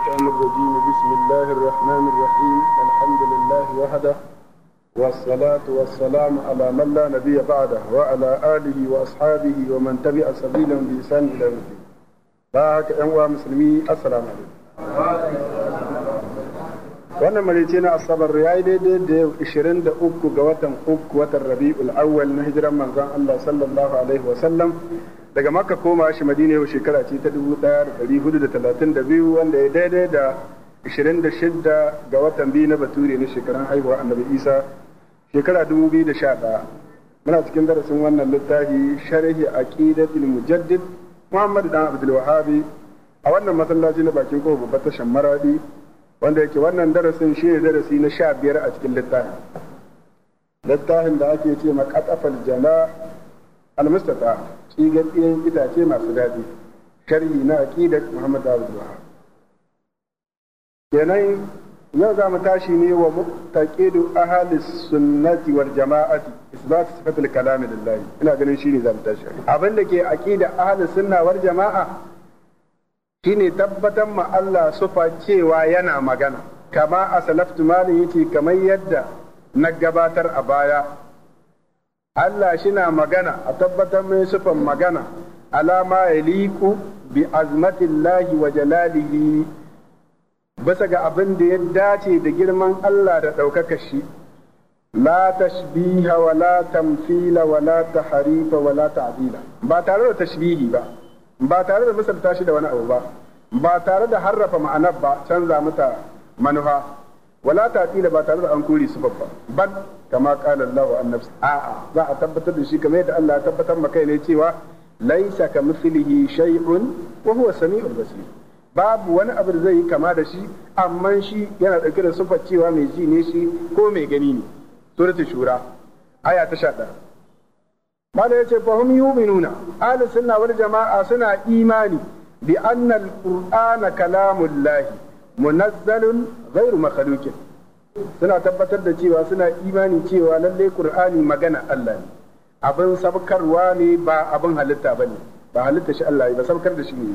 الشيطان الرجيم بسم الله الرحمن الرحيم الحمد لله وحده والصلاة والسلام على من لا نبي بعده وعلى آله وأصحابه ومن تبع سبيلهم بإحسان إلى يوم الدين. باك أنواع مسلمي السلام عليكم. wannan marice na asabar ya yi daidai da yau ishirin da uku ga watan uku watan rabi'ul awwal na hijiran manzon Allah sallallahu alaihi wa sallam daga makka koma shi madina yau shekara ce ta dubu ɗaya da da da hudu talatin biyu wanda ya daidai da ishirin da 26 ga watan biyu na bature na shekaran haihuwa annabi isa shekara dubu biyu da 2011 muna cikin darasin wannan littafi sharhi aqidatul mujaddid muhammad dan abdul wahabi a wannan masallaci na bakin kofa babbar tashar maradi wanda yake wannan darasin shi ne darasi na sha biyar a cikin littafin littafin da ake ce ma katafal jana ga tsigatsiyen itace masu daɗi sharhi na aqidat muhammad abu wahab kenan yau za mu tashi ne wa muttaqidu ahli sunnati wal jama'ati isbat sifatul kalam lillahi ina ganin shi ne za mu tashi abin da ke aqida ahli sunna wal jama'a shine tabbatar ma Allah sufa cewa yana magana kama a salaftu yake kamar yadda na gabatar a baya Allah shina magana a tabbatar mai sufan magana alama ya liku bi azmatillahi wa jalalihi bisa ga abin da ya dace da girman Allah da ɗaukaka shi la tashbiha wa la tamfila wa la taharifa wa la ta'dila ba tare da tashbihi ba ba tare da misalta shi da wani abu ba ba tare da harrafa ma'anar ba canza mata manufa wala ta'tila ba tare da an kuri su babba bal kama kala Allahu an nafsi a'a za a tabbatar da shi kamar yadda Allah ya tabbatar ma kai ne cewa laisa mislihi shay'un wa huwa samiul basir babu wani abu da zai yi kama da shi amma shi yana dauke da sifar cewa mai ji ne shi ko mai gani ne suratul shura aya ta 11 mala yace fa hum yu'minuna ahli sunna wal jama'a suna imani bi anna al-qur'ana kalamullah munazzalun ghairu suna tabbatar da cewa suna imani cewa lallai qur'ani magana Allah ne abin sabkarwa ne ba abin halitta bane ba halitta shi Allah ba sabkar da shi ne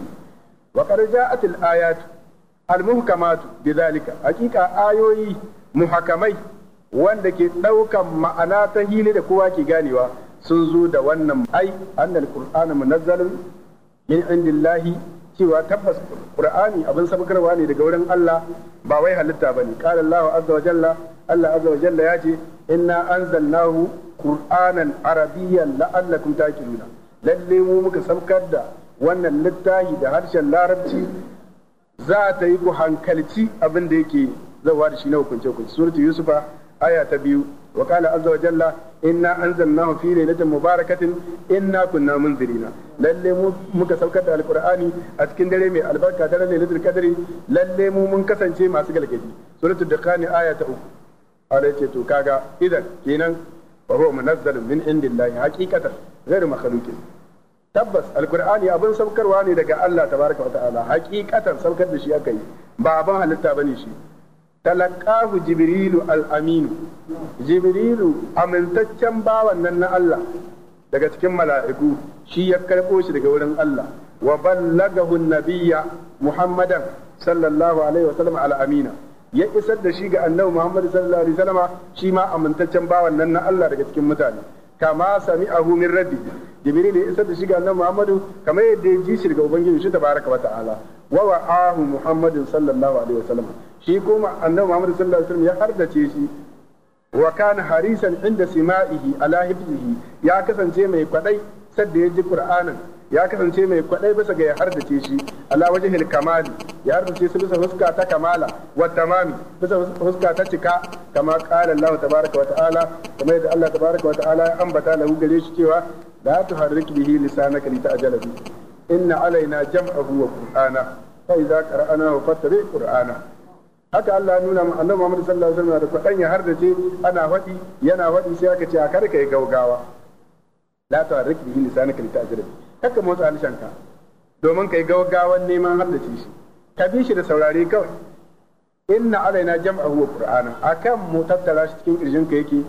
wa qad ja'at al muhkamatu al-muhkamat bidhalika hakika ayoyi muhakamai wanda ke ɗaukan ma'ana ta hili da kowa ke ganewa sun zo da wannan ai annal qur'ana munazzalun min indillahi cewa tabbas qur'ani abin sabkarwa ne daga wurin Allah ba wai halitta bane qala Allah azza wa jalla Allah azza wa jalla yace inna anzalnahu qur'anan arabiyyan la'allakum taqiluna lalle mu muka sabkar da wannan littafi da harshen larabci za ta yi ku hankalci abin da yake zawa da shi na hukunce hukunce suratul yusufa aya ta biyu wa qala azza wa jalla inna anzalnahu fi lailatin mubarakatin inna kunna munzirina lalle mu muka saukar da alqur'ani a cikin dare mai albarka dare lailatul qadri lalle mu mun kasance masu galgadi suratul dukhan aya ta uku ala ce to kaga idan kenan wa huwa munazzalun min indillahi haqiqatan ghairu makhluqin tabbas alqur'ani abin saukarwa ne daga Allah tabaraka wa ta'ala haqiqatan saukar da shi aka yi ba ban halitta ba ne shi talaqahu jibrilu al-aminu jibrilu amintaccen bawan nan na Allah daga cikin mala'iku shi ya karɓo shi daga wurin Allah wa ballagahu nabiyya muhammadan sallallahu alaihi wasallam al-amina ya isar da shi ga annabi muhammad sallallahu alaihi wasallam shi ma amintaccen bawan nan na Allah daga cikin mutane kama sami ahu min rabbi jibril ne isar da shi ga annabi muhammadu kamar yadda ya ji shi daga ubangiji shi tabaraka wa ta'ala wa wa'ahu Muhammadu sallallahu alaihi wasallam shi kuma annabi muhammadu sallallahu alaihi wasallam ya hardace shi wa kana harisan inda sima'ihi ala hifzihi ya kasance mai kwadai sadda ya ji qur'anin ya kasance mai kwadai bisa ga ya hardace shi ala wajhil kamali ya hardace su bisa huska ta kamala wa tamami bisa huska ta cika kama qala Allah tabaaraka wa ta'ala kuma yadda Allah tabaaraka wa ta'ala ya ambata lahu gare shi cewa la tuharrik bihi lisanaka lita'jala bi inna alaina jam'ahu wa qur'ana fa idza qara'nahu fattabi qur'ana haka Allah nuna mu annabi Muhammad sallallahu alaihi wasallam da kwadan ya hardace ana faɗi yana faɗi sai aka ce a kar kai gaugawa la tuharrik bihi lisanaka lita'jala bi kakka motsa harshenka domin kai gaggawan neman haddace shi ka bi shi da saurare kawai inna alaina jam'ahu wa qur'ana akan mu tattara shi cikin kirjinka yake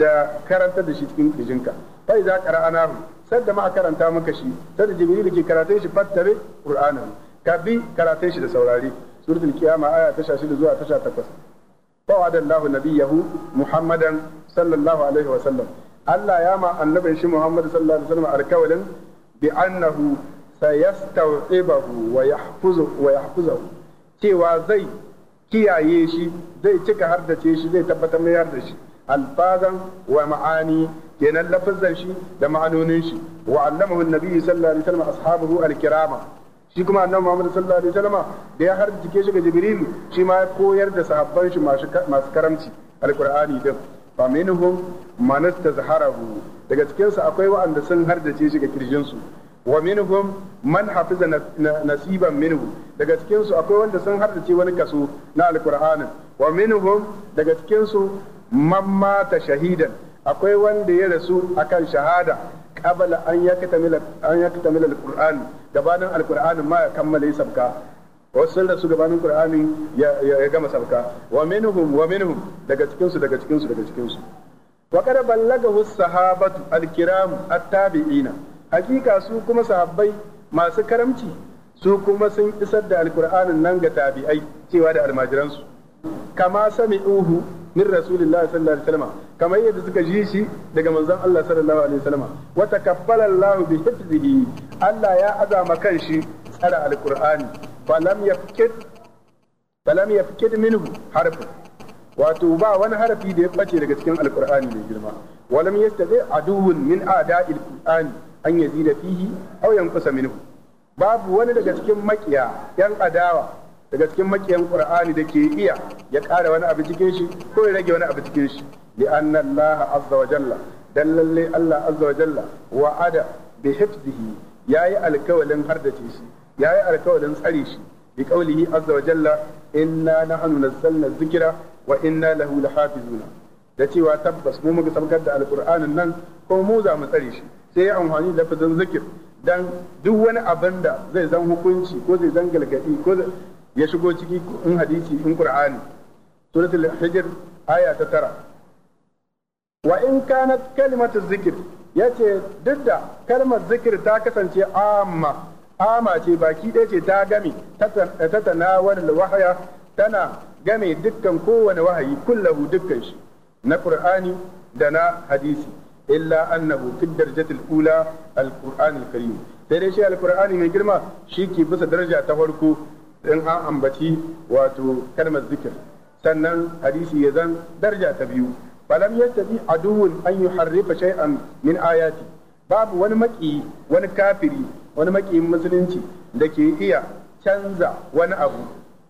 da karanta da shi cikin kirjinka fa idza qara'anahu sadda ma karanta maka shi sadda jibril ke karanta shi fattare qur'ana ka bi karanta shi da saurare suratul qiyama aya ta 16 zuwa ta 18 فوعد الله nabiyahu Muhammadan sallallahu alaihi wa sallam Allah ya ma annabin shi Muhammad sallallahu alaihi wasallam alkawalin bi annahu sayastaw'ibahu wa yahfuzu cewa zai kiyaye shi zai cika hardace shi zai tabbatar da yarda shi alfazan wa ma'ani kenan lafazan shi da ma'anonin shi wa allamahu annabi sallallahu alaihi wasallam ashabahu alkirama shi kuma annabi Muhammad sallallahu alaihi da ya har jike shi ga Jibril shi ma ya koyar da sahabban shi masu karamci alqur'ani din fa minhum man istazharahu daga cikin su akwai waɗanda sun harjace shi ga kirjin su wa minhum man hafiza nasiban minhu daga cikin su akwai wanda sun harjace wani kaso na alqur'ani wa minhum daga cikin su man mata shahidan akwai wanda ya rasu akan shahada qabla an yaktamila an yaktamila alqur'an gabanin alqur'anin ma ya kammala sabka wasu da su gabanin qur'ani ya gama sauka wa minhum wa minhum daga cikin su daga cikin su daga cikin su wa qad ballagahu sahabatu al-kiram at-tabi'ina hakika su kuma sahabbai masu karamci su kuma sun isar da alkur'anin nan ga tabi'ai cewa da almajiransu kama sami'uhu min rasulillahi sallallahu alaihi wasallam Kama yadda suka ji shi daga manzon Allah sallallahu alaihi wasallam wa takaffala Allah bi hifzihi Allah ya azama kanshi tsara alkur'ani falam yafkid falam yafkid minhu wato ba wani harafi da ya bace daga cikin alqur'ani mai girma walam yastazi aduwwun min a'da'il qur'ani an yazida fihi aw yanqusa minhu babu wani daga cikin makiya yan adawa daga cikin makiyan qur'ani da ke iya ya ƙara wani abu cikin shi ko ya rage wani abu cikin shi li'anna azza wa jalla dan lalle allah azza wa jalla wa'ada bi hifzihi yayi alkawalin har da shi ya yi alkawarin tsare shi bi qaulihi azza wa jalla inna nahnu nazzalna dhikra wa inna lahu lahafizuna da cewa tabbas mu muka sabkar da alqur'anin nan ko mu za mu tsare shi sai ya amfani da lafazin zikir dan duk wani abin da zai zan hukunci ko zai zan galgadi ko ya shigo ciki in hadisi in qur'ani suratul hijr aya ta tara wa in kanat kalimatu zikir yace duk da kalmar zikir ta kasance amma ama ce baki ɗaya ce ta game ta tanawar wahaya tana game dukkan kowane wahayi kullahu dukkan shi na qur'ani da na hadisi illa annahu fi darajatil ula al alkarim sai dai shi alqur'ani mai girma shi ke bisa daraja ta farko in an ambaci wato kalmar zikir sannan hadisi ya zan daraja ta biyu falam yastati aduwwun an yuharrifa shay'an min ayati babu wani maki wani kafiri wani makiyin musulunci da ke iya canza wani abu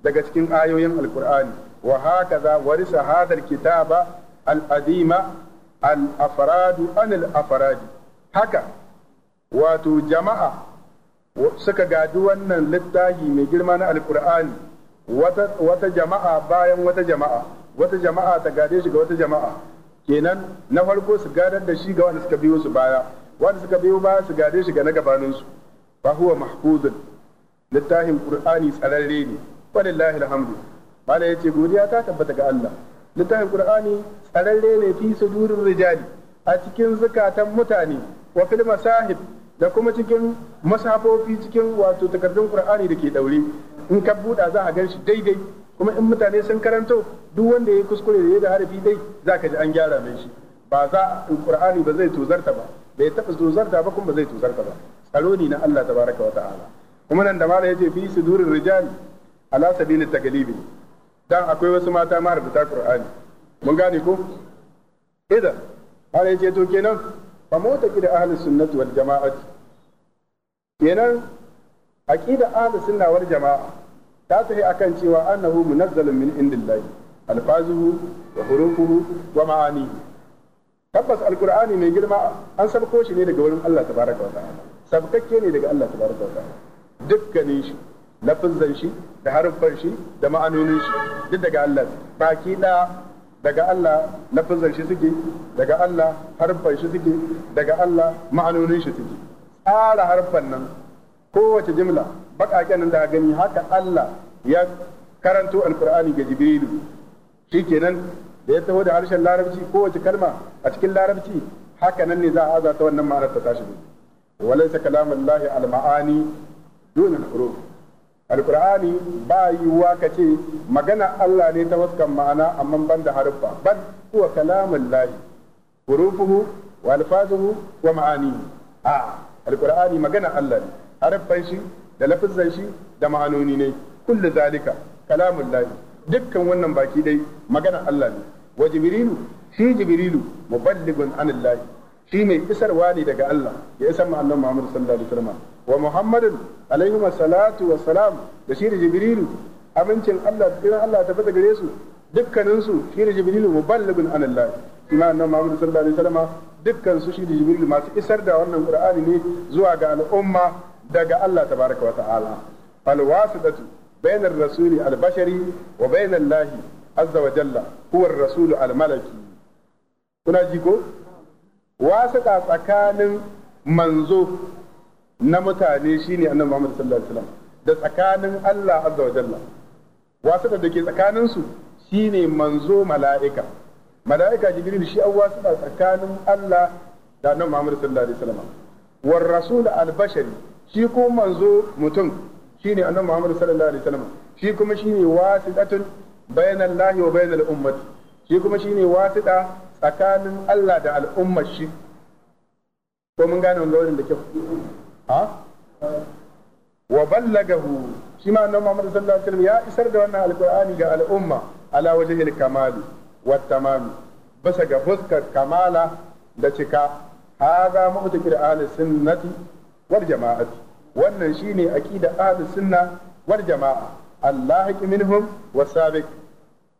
daga cikin ayoyin alkur'ani wa za warisa hadal kitaba al'adima azima al an al'afaradi haka wato jama'a suka gadi wannan littafi mai girma na alkur'ani wata jama'a bayan wata jama'a wata jama'a ta gade shi ga wata jama'a kenan na farko su gadar da shi ga wanda suka biyo su baya wanda suka biyo baya su gade shi ga na gabaninsu fa huwa mahfuzun littafin qur'ani tsararre ne walillahi alhamdu mala yace godiya ta tabbata ga Allah littafin qur'ani tsararre ne fi sudurin rijali a cikin zukatan mutane wa fil masahib da kuma cikin masafofi cikin wato takardun qur'ani da ke daure in ka buɗa za a gan shi daidai kuma in mutane sun karanto duk wanda ya kuskure da ya da harafi dai za ka ji an gyara mai shi ba za qur'ani ba zai tozarta ba bai taɓa tozarta ba kuma ba zai tozarta ba tsaro ne na Allah tabaraka wa ta'ala kuma nan da mala yace fi sudurir rijal ala sabili taglibi dan akwai wasu mata ma rubuta qur'ani mun gane ko idan har yace to kenan fa mota kida ahli sunnati wal jama'ati kenan aqida ahli sunna wal jama'a ta tafi akan cewa annahu munazzalun min indillahi alfazuhu wa hurufuhu wa ma'anihi tabbas alqur'ani mai girma an sabko shi ne daga wurin Allah tabaraka wa ta'ala sabkakke ne daga Allah tabaraka wa ta'ala dukkanin shi lafazan shi da haruffan shi da ma'anonin shi duk daga Allah baki da daga Allah lafazan shi suke daga Allah haruffan shi suke daga Allah ma'anonin shi suke tsara haruffan nan kowace jimla baƙaƙen nan da gani haka Allah ya karanto alqur'ani ga Jibrilu shikenan da ya taho da harshen larabci kowace kalma a cikin larabci haka nan ne za a azata wannan ma'anar ta tashi walaysa kalamullahi lahi alma'ani dun al-huruf alqur'ani ba yiwuwa ka ce magana Allah ne ta waskan ma'ana amma ban da haruffa ban huwa kalamullahi hurufuhu wa alfazuhu wa ma'ani a alqur'ani magana Allah ne haruffan shi da lafizan shi da ma'anoni ne kullu zalika kalamullahi dukkan wannan baki dai magana Allah ne wa jibrilu shi jibrilu muballighun anillahi shi mai isarwa ne daga Allah ya isar ma Muhammadu Muhammad sallallahu alaihi wasallam wa Muhammadun alaihi salatu wa salam da shi da jibrilu amincin Allah irin Allah ta fata gare su dukkanin shi da jibrilu muballighun anillahi kuma annabi Muhammad sallallahu alaihi wasallam dukkan su shi da jibrilu masu isar da wannan qur'ani ne zuwa ga al'umma daga Allah tabaraka wa ta'ala fal bainar rasuli albashari wa bainal azza wa jalla huwa rasulu al-malaki kuna ji ko wasiƙa tsakanin manzo na mutane shine annabi Muhammad sallallahu alaihi wasallam da tsakanin Allah azza wa jalla wasiƙa da ke tsakanin su shine manzo mala'ika mala'ika jibril shi an wasiƙa tsakanin Allah da annabi Muhammad sallallahu alaihi wasallam war rasul al-bashari shi ko manzo mutum shine annabi Muhammad sallallahu alaihi wasallam shi kuma shine wasiqatun bainal lahi wa bainal ummati shi kuma shi ne wasiɗa tsakanin Allah da al'ummar shi ko mun gane wani wurin da kyau ha wa ballagahu shi ma annabi Muhammad sallallahu alaihi wasallam ya isar da wannan alqur'ani ga al'umma ala wajhil kamali wat tamam bisa ga fuskar kamala da cika hadha mu'takir ahli sunnati wal jama'ati wannan shine aqida ahli sunna wal jama'a Allah minhum wa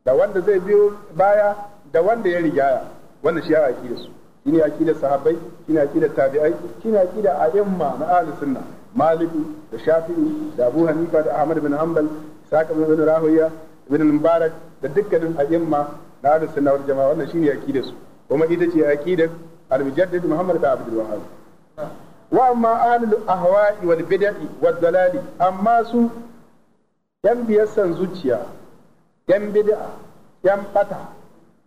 da wanda zai biyo baya da wanda ya rigaya wannan shi ya akida su shine akida sahabbai shine akida tabi'ai shine akida a'imma na ahli sunna maliki da shafi'i da abu hanifa da ahmad bin hanbal saka bin rahoya ibn mubarak da dukkanin a'imma na ahli sunna wal jama'a wannan ne akida su kuma ita ce akidar al-mujaddid muhammad da abdul wahhab wa amma ahlul ahwa'i wal bid'i wad dalali amma su yan san zuciya yan bid'a yan fata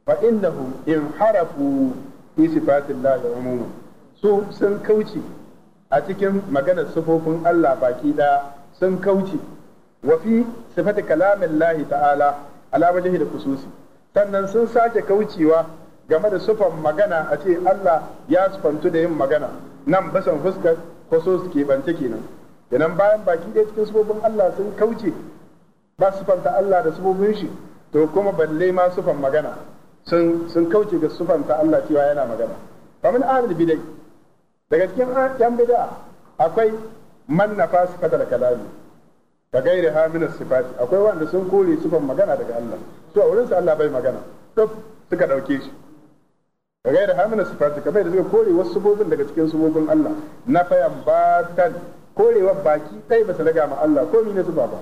fa innahu in harafu fi sifatillahi umuman su sun kauce a cikin maganar sufofin Allah baki ɗaya sun kauce wa fi sifati kalamin lahi ta'ala ala da kususi sannan sun sake kaucewa game da sufan magana a ce Allah ya sufantu da yin magana nan basan fuskar kusus ke bance kenan idan bayan baki ɗaya cikin sufofin Allah sun kauce ba sufanta Allah da sufofin shi to kuma balle ma sufan magana sun sun kauce ga sufanta Allah cewa yana magana famin ahlul bidai daga cikin yan bid'a akwai man nafas kadar kalami ka gairi ha min sifati akwai wanda sun kore sufan magana daga Allah to a wurin sa Allah bai magana duk suka dauke shi ka gairi ha min sifati ka bai da suka kore wasu sufofin daga cikin sufofin Allah na fayan batan korewa baki tai ba su daga ma Allah ko ne su ba ba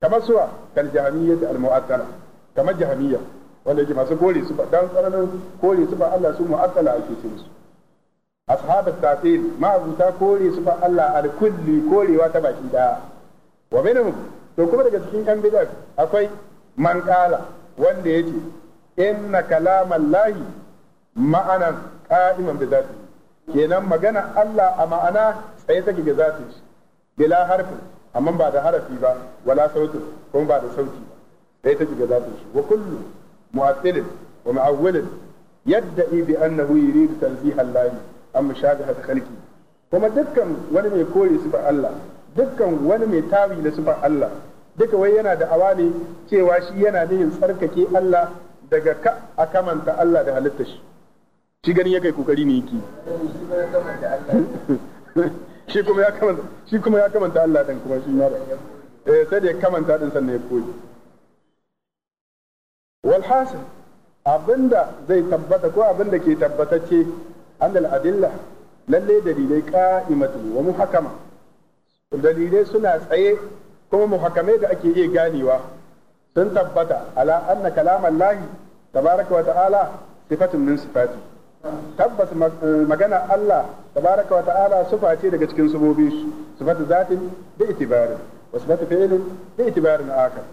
Kama suwa kal jahamiyyah al mu'attala kama jahamiyya wanda yake masu kore su dan tsananin kore su ba Allah su mu'attala ake ce musu ashabat tafil ma'abuta kore su ba Allah al kulli korewa ta baki da wa minhum to kuma daga cikin yan bid'a akwai man qala wanda yake inna kalamallahi ma'anan qa'iman bi zati kenan magana Allah a ma'ana tsaye take ga zatin shi bila harfin amma ba da harafi ba wala sautin kuma ba da sauti ba sai ta shiga zatin shi wa kullu mu'attilin wa mu'awwilin yadda bi annahu yuridu tanziha Allah an mushabaha khalqi kuma dukkan wani mai kore su ba Allah dukkan wani mai tawi da su ba Allah duka wai yana da awali cewa shi yana nihin tsarkake Allah daga ka a kamanta Allah da halitta shi shi gani ya kai kokari ne yake shi kuma ya kamanta shi kuma ya kamanta Allah din kuma shi ma eh sai da ya kamanta din sannan ya koyi wal abin abinda zai tabbata ko abinda ke tabbatacce annal adilla lalle dalilai qa'imatu wa muhakama dalilai suna tsaye kuma muhakamai da ake iya ganewa sun tabbata ala anna kalam Allah tabaraka wa ta'ala sifatun min sifati tabbas eh, magana Allah tabaraka wa ta'ala sufa ce daga cikin su sifatu zatin da itibarin wa sifatu fi'lin da itibarin akan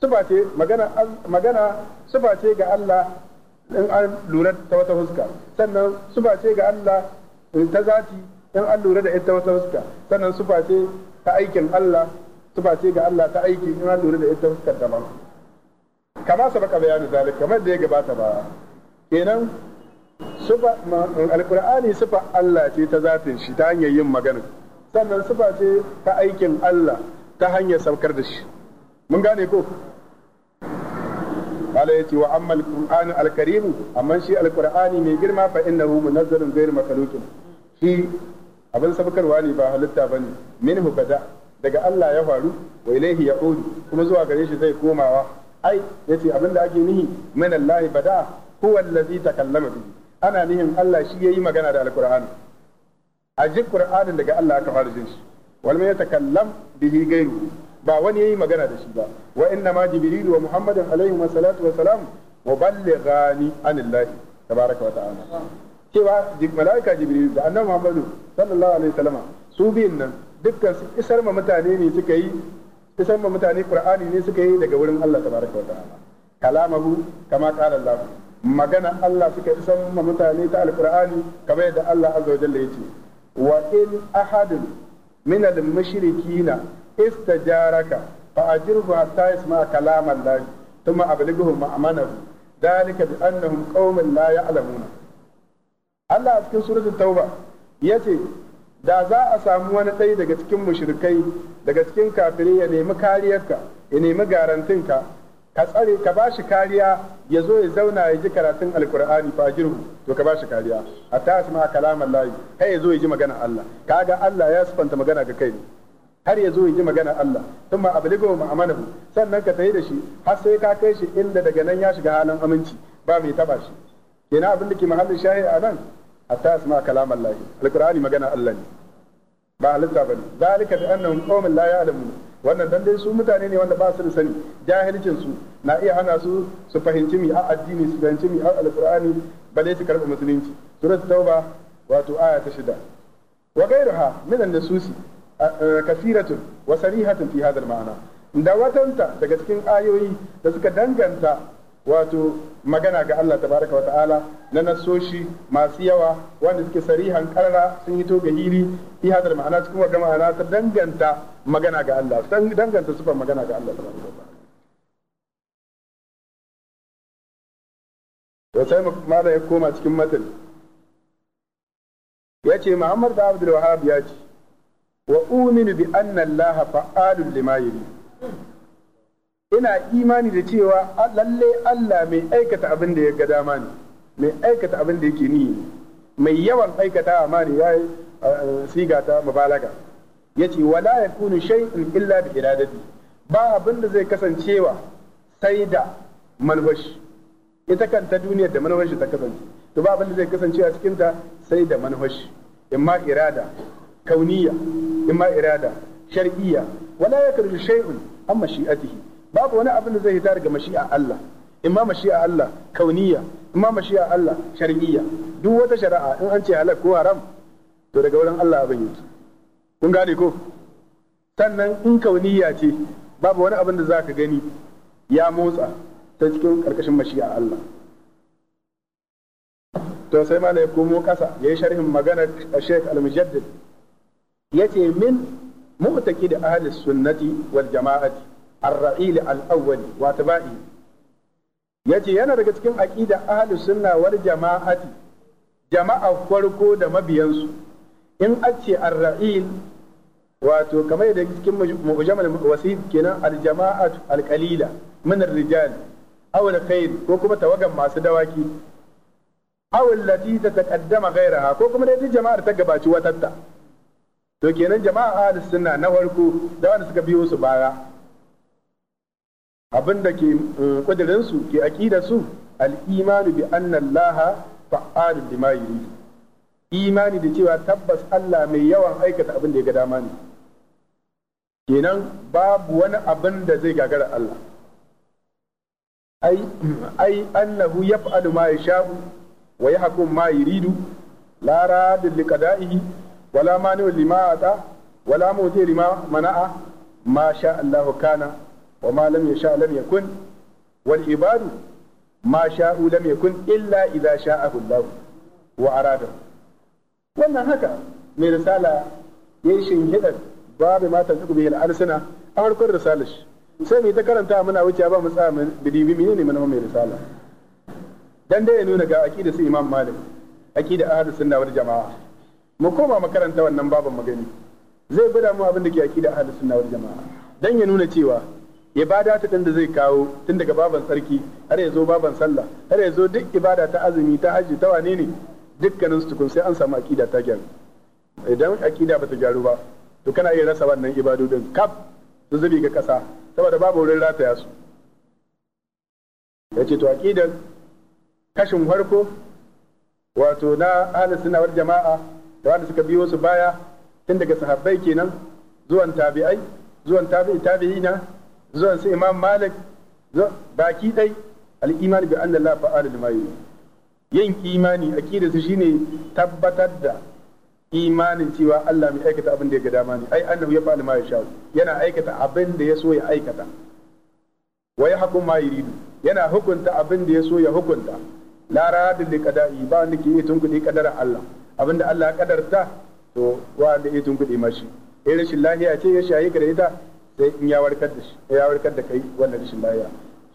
sufa ce magana magana sufa ce ga Allah in an lura ta wata huska sannan sufa ce ga Allah eh, ta zati in an lura da ita wata huska sannan sufa ce ta aikin Allah sufa ce ga Allah ta aiki in an lura da ita huskar daban kama sabaka bayanu zalika kamar da ya gabata ba kenan sufa alkur'ani sufa Allah ce ta zafin shi ta hanyar yin magana sannan sufa ce ta aikin Allah ta hanyar saukar da shi mun gane ko Allah yace wa amma qur'anu alkarim amma shi alkur'ani mai girma fa innahu munazzalun ghayr makhluqin shi abin sabkarwa ne ba halitta bane minhu bada daga Allah ya faru wa ilaihi ya'ud kuma zuwa gare shi zai komawa ai yace abin da ake nihi min Allah bada huwa allazi takallama bihi ana nihin Allah shi ya yi magana da alqur'ani a ji qur'anin daga Allah aka fara jin shi wal man yatakallam bihi ghayru ba wani yayi magana da shi ba wa inna ma jibril wa muhammadin alaihi wa salatu wa salam muballighani anillahi tabaraka wa ta'ala cewa malaika jibril da annabi muhammadu sallallahu alaihi wa sallam su biyun nan dukkan su isar ma mutane ne suka yi isar ma mutane qur'ani ne suka yi daga wurin Allah tabaraka wa ta'ala kalamahu kama qala Allah magana Allah suka yi isar ma mutane ta Alƙur'ani kamar yadda Allah azza wa jalla yace wa in ahadun min al-mushrikina istajaraka fa ajirhu hatta yasma kalam Allah thumma ablighu ma'amanahu dalika bi annahum qaumun la ya'lamuna Allah a cikin suratul tauba yace da za a samu wani ɗaya daga cikin mushrikai daga cikin kafirai ya nemi kariyarka ya nemi garantinka ka tsare ka bashi kariya ya zo ya zauna ya ji karatun alkur'ani fajirhu to ka bashi kariya a hatta asma kalaman layi kai ya zo ya ji magana Allah kaga Allah ya sifanta magana ga kai ne har ya zo ya ji magana Allah tun ma thumma ablighu ma'amalahu sannan ka tayi da shi har sai ka kai shi inda daga nan ya shiga halin aminci ba mai taba shi kenan abin da ke mahallin shahi a nan hatta asma kalaman layi alkur'ani magana Allah ne ba halitta bane zalika bi annahum qaumun la ya'lamun wannan dan dai su mutane ne wanda ba su da sani jahilcin su na iya hana su su fahimci mi a addini su fahimci mi a alqur'ani bale su karɓi musulunci surat tauba wato aya ta shida wa ghayruha min an-nususi kasiratun wa sarihatun fi hadha al-ma'na da watanta daga cikin ayoyi da suka danganta wato magana ga Allah tabaraka wata'ala na nasoshi masu yawa wanda suke sarihan karara sun yi toga hili fi hadar ma'ana cikin wadda ma'ana ta danganta magana ga Allah danganta sufan magana ga Allah tabaraka wata'ala to sai mala ya koma cikin matan ya ce Muhammad da Abdul Wahab ya ce wa uminu bi anna Allah fa'alun lima yuri ina imani da cewa lalle Allah mai aikata abin da ya ga dama ne mai aikata abin da yake nihi mai yawan aikata amma ne ya siga ta Ya ce wala ya yakunu shay'un illa bi iradati ba abin da zai kasancewa sai da manfashi ita kanta duniyar da manfashi ta kasance to ba abin da zai kasancewa cikin ta sai da manfashi imma irada kauniya imma irada shar'iyya wala ya yakunu shay'un amma shi'atihi babu wani abin da zai hita daga mashi'a Allah imma mashi'a Allah kauniya imma mashi'a Allah shar'iyya duk wata shari'a in an ce halal ko haram to daga wurin Allah abin yake kun gane ko sannan in kauniya ce babu wani abin da zaka gani ya motsa ta cikin karkashin mashi'a Allah to sai ma ya komo kasa yayi sharhin maganar Sheikh Al-Mujaddid yace min mu'taqid ahli sunnati wal jama'ati ar-ra'il al-awwal wa taba'i yace yana daga cikin aqida ahlus sunna wal jama'ati jama'a farko da mabiyansu in ace ar-ra'il wato kamar da cikin mujamal wasid kenan al al-qalila min ar-rijal aw ko kuma tawagan masu dawaki aw allati tataqaddama ghayraha ko kuma dai jama'ar ta gabaci watatta to kenan jama'a ahlus sunna na farko da wanda suka biyo su baya abin da ke kudirinsu eh, ke su al'imani bi anna Allah ma lima yuridu imani da cewa tabbas Allah mai yawan aikata abin da ya ga dama ne kenan babu wani abin da zai gagara Allah ai ai annahu yaf'alu ma yasha'u wa yahkum ma yuridu la radil liqada'ihi wala mani'u lima ata wala mu'ti lima mana'a ma sha Allah kana wa ma lam yasha lam yakun wal ibadu ma sha'u lam yakun illa idza sha'ahu Allah wa arada wannan haka mai risala yayin shinhidar babu ma tanzuku bihi al-alsina a farkon risalar shi sai mai ta karanta muna wuce ba mu tsaya bidibi menene mana mai risala dan dai ya nuna ga aqida su Imam Malik aqida ahlus sunna wal jamaa mu koma makaranta wannan baban magani zai gwada mu abin da ke aqida ahlus sunna wal jamaa dan ya nuna cewa ibada ta da zai kawo tun daga baban tsarki har ya zo baban sallah har ya zo duk ibada ta azumi ta haji ta wane ne dukkanin su tukun sai an samu akida ta gyaru idan akida bata gyaru ba to kana iya rasa wannan ibadodin kaf su zubi ga kasa saboda babu wurin rataya su Ya ce to akidan kashin farko wato na ahlus sunna jama'a da wanda suka biyo su baya tun daga sahabbai kenan zuwan tabi'ai zuwan tabi'i na zuwa sai imam malik baki dai al-imani bi anna la fa'ala lima yin imani akida su shine tabbatar da imanin cewa Allah mai aikata abin da ya ga dama ne ai annahu ya fa'ala ma ya yasha yana aikata abin da ya so ya aikata wa yahkum ma yuridu yana hukunta abin da ya so ya hukunta la radin li qada'i ba wanda ke yin tunkudi kadara Allah abin da Allah ya kadarta to wa da yin tunkudi mashi irin eh, rashin lahiya ce ya shayi gare ita sai in ya warkar da shi ya warkar da kai wannan rashin lafiya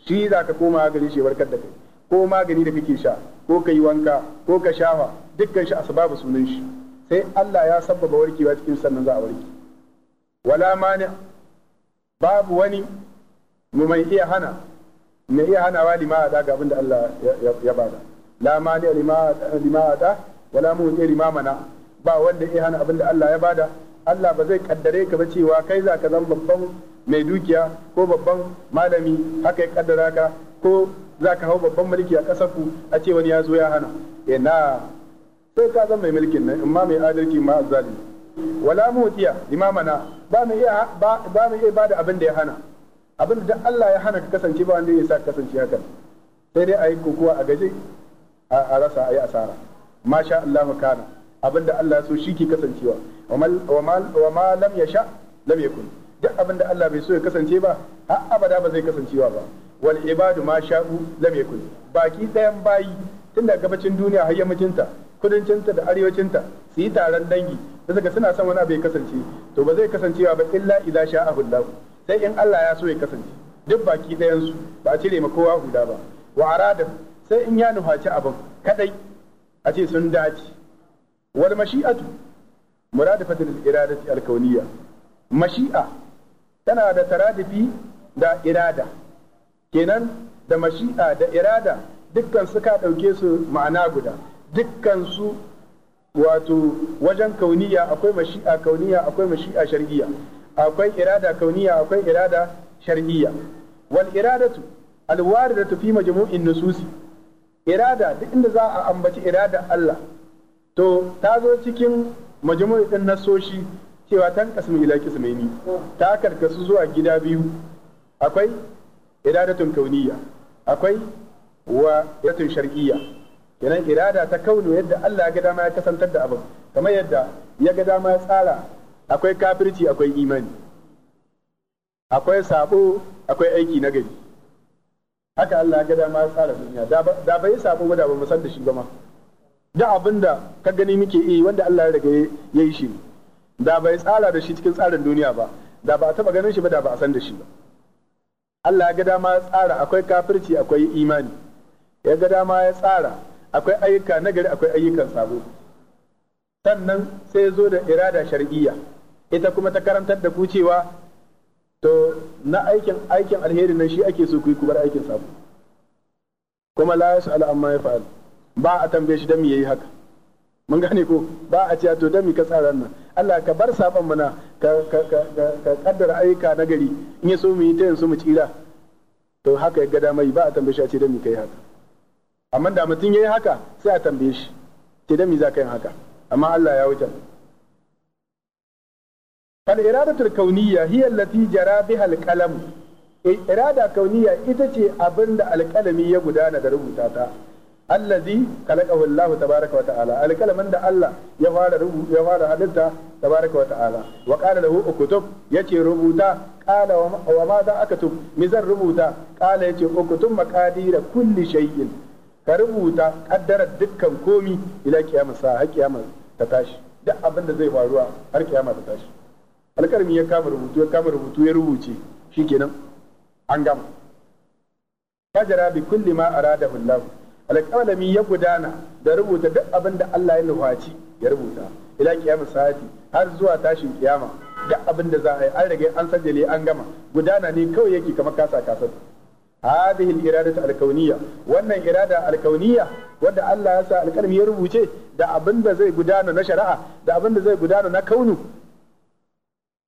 shi za ka koma gari shi warkar da kai ko magani da kake sha ko ka yi wanka ko ka shafa dukkan shi asbabu sunan shi sai Allah ya sabbaba warkewa cikin sannan za a warke wala mani babu wani mu mai iya hana mai iya hana wa lima da ga abinda Allah ya bada la mani lima lima da wala mu lima mana ba wanda iya hana abinda Allah ya bada Allah ba zai kaddare ka ba cewa kai za ka zan babban mai dukiya ko babban malami haka ya kaddara ka ko za ka hau babban mulki a ƙasar ku a ce wani ya zo ya hana ina sai ka zan mai mulkin nan ma mai adalci ma zali wala mutiya limamana ba mu iya ba mu iya bada abin da ya hana abin da Allah ya hana ka kasance ba wanda ya sa kasance haka sai dai ayi kokowa a gaje a rasa a yi asara masha Allah mu kana abin da Allah ya so shi ke kasancewa wa ya sha yasha lam duk abin da Allah bai so ya kasance ba har abada ba zai kasancewa ba wal ibadu ma sha'u lam yakun baki ɗayan bayi tun gabacin duniya har yammacinta kudancinta da arewacinta su yi taron dangi da suka suna son wani abu ya kasance to ba zai kasancewa ba illa idza sha'a Allah sai in Allah ya so ya kasance duk baki dayan su ba a cire ma kowa huda ba wa arada sai in ya nufaci abin kadai a ce sun dace wal mashi'atu muradafatul iradati alkauniyya mashi'a tana da taradifi da irada kenan da mashi'a da irada dukkan su ka ɗauke su ma'ana guda dukkan su wato wajen kauniya akwai mashi'a kauniya akwai mashi'a shar'iyya akwai irada kauniya akwai irada shar'iyya wal iradatu al waridatu fi majmu'in nususi irada duk inda za a ambaci irada Allah to ta zo cikin majmu'i din nasoshi cewa tan qasmu ila qismaini ta karkasu zuwa gida biyu akwai iradatun kauniya, akwai wa iratun shar'iyya kenan irada ta kaunu yadda Allah ya ga dama ya kasantar da abin kamar yadda ya ga dama ya tsara akwai kafirci akwai imani akwai sabo akwai aiki na gari haka Allah ya ga dama ya tsara duniya da bai sabo ba da ba mu san da shi ba ma da abin da ka gani muke yi wanda Allah ya daga ya yi shi da bai tsara da shi cikin tsarin duniya ba da ba a taba ganin shi ba da ba a san da shi ba Allah ya ga dama ya tsara akwai kafirci akwai imani ya ga dama ya tsara akwai ayyuka Na gari akwai ayyukan sabo sannan sai ya zo da irada shar'iyya ita kuma ta karantar da ku cewa to na aikin aikin alheri nan shi ake so ku yi ku bar aikin sabo kuma la yas'alu amma yaf'alu ba a tambaye shi dan me yayi haka mun gane ko ba a cewa to dan me ka tsara nan Allah ka bar saban mana ka ka ka kaddara ayyuka na gari in ya so mu yi ta yanzu mu tsira to haka ya ga dama ba a tambaye shi a ce dan me kai haka amma da mutum yayi haka sai a tambaye shi ce dan me za ka yi haka amma Allah ya wuce fal iradatul kauniyya hiya allati jara biha al e, irada kauniyya ita ce abin da alƙalami ya gudana da rubuta ta allazi khalaqahu Allah tabaaraka wa ta'ala alkalaman da Allah ya fara rubu ya fara hadinta tabaaraka wa ta'ala wa qala lahu uktub yace rubuta qala wa ma za akatub mi zan rubuta qala yace uktub maqadir kulli shay'in ka rubuta kaddara dukkan komi ila kiyama sa har kiyama ta tashi duk abin da zai faruwa har kiyama ta tashi alkalmi ya kama rubutu ya kama rubutu ya rubuce shikenan an gama fajara bi kulli ma aradahu Allah alƙalami ya gudana da rubuta duk abin da Allah ya nufaci ya rubuta ila kiyama sati har zuwa tashin kiyama duk abin da za a yi an rage an sajjale an gama gudana ne kawai yake kamar kasa kasar hadhihi al-irada al-kawniyya wannan irada al-kawniyya wanda Allah ya sa alƙalami ya rubuce da abin da zai gudana na shari'a da abin da zai gudana na kaunu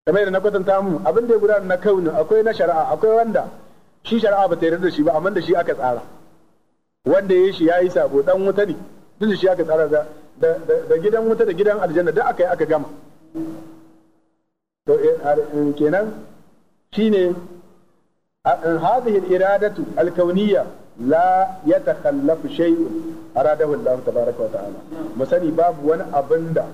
kamar da na kwatanta mu abin da ya gudana na kaunu akwai na shari'a akwai wanda shi shari'a ba ta yarda da shi ba amma da shi aka tsara wanda ya shi ya yi sabo dan wuta ne duk shi aka tsara da da gidan wuta da gidan aljanna da aka yi aka gama to eh, eh, kenan shine هذه الإرادة الكونية لا يتخلف شيء أراده الله تبارك وتعالى مسني babu wani abinda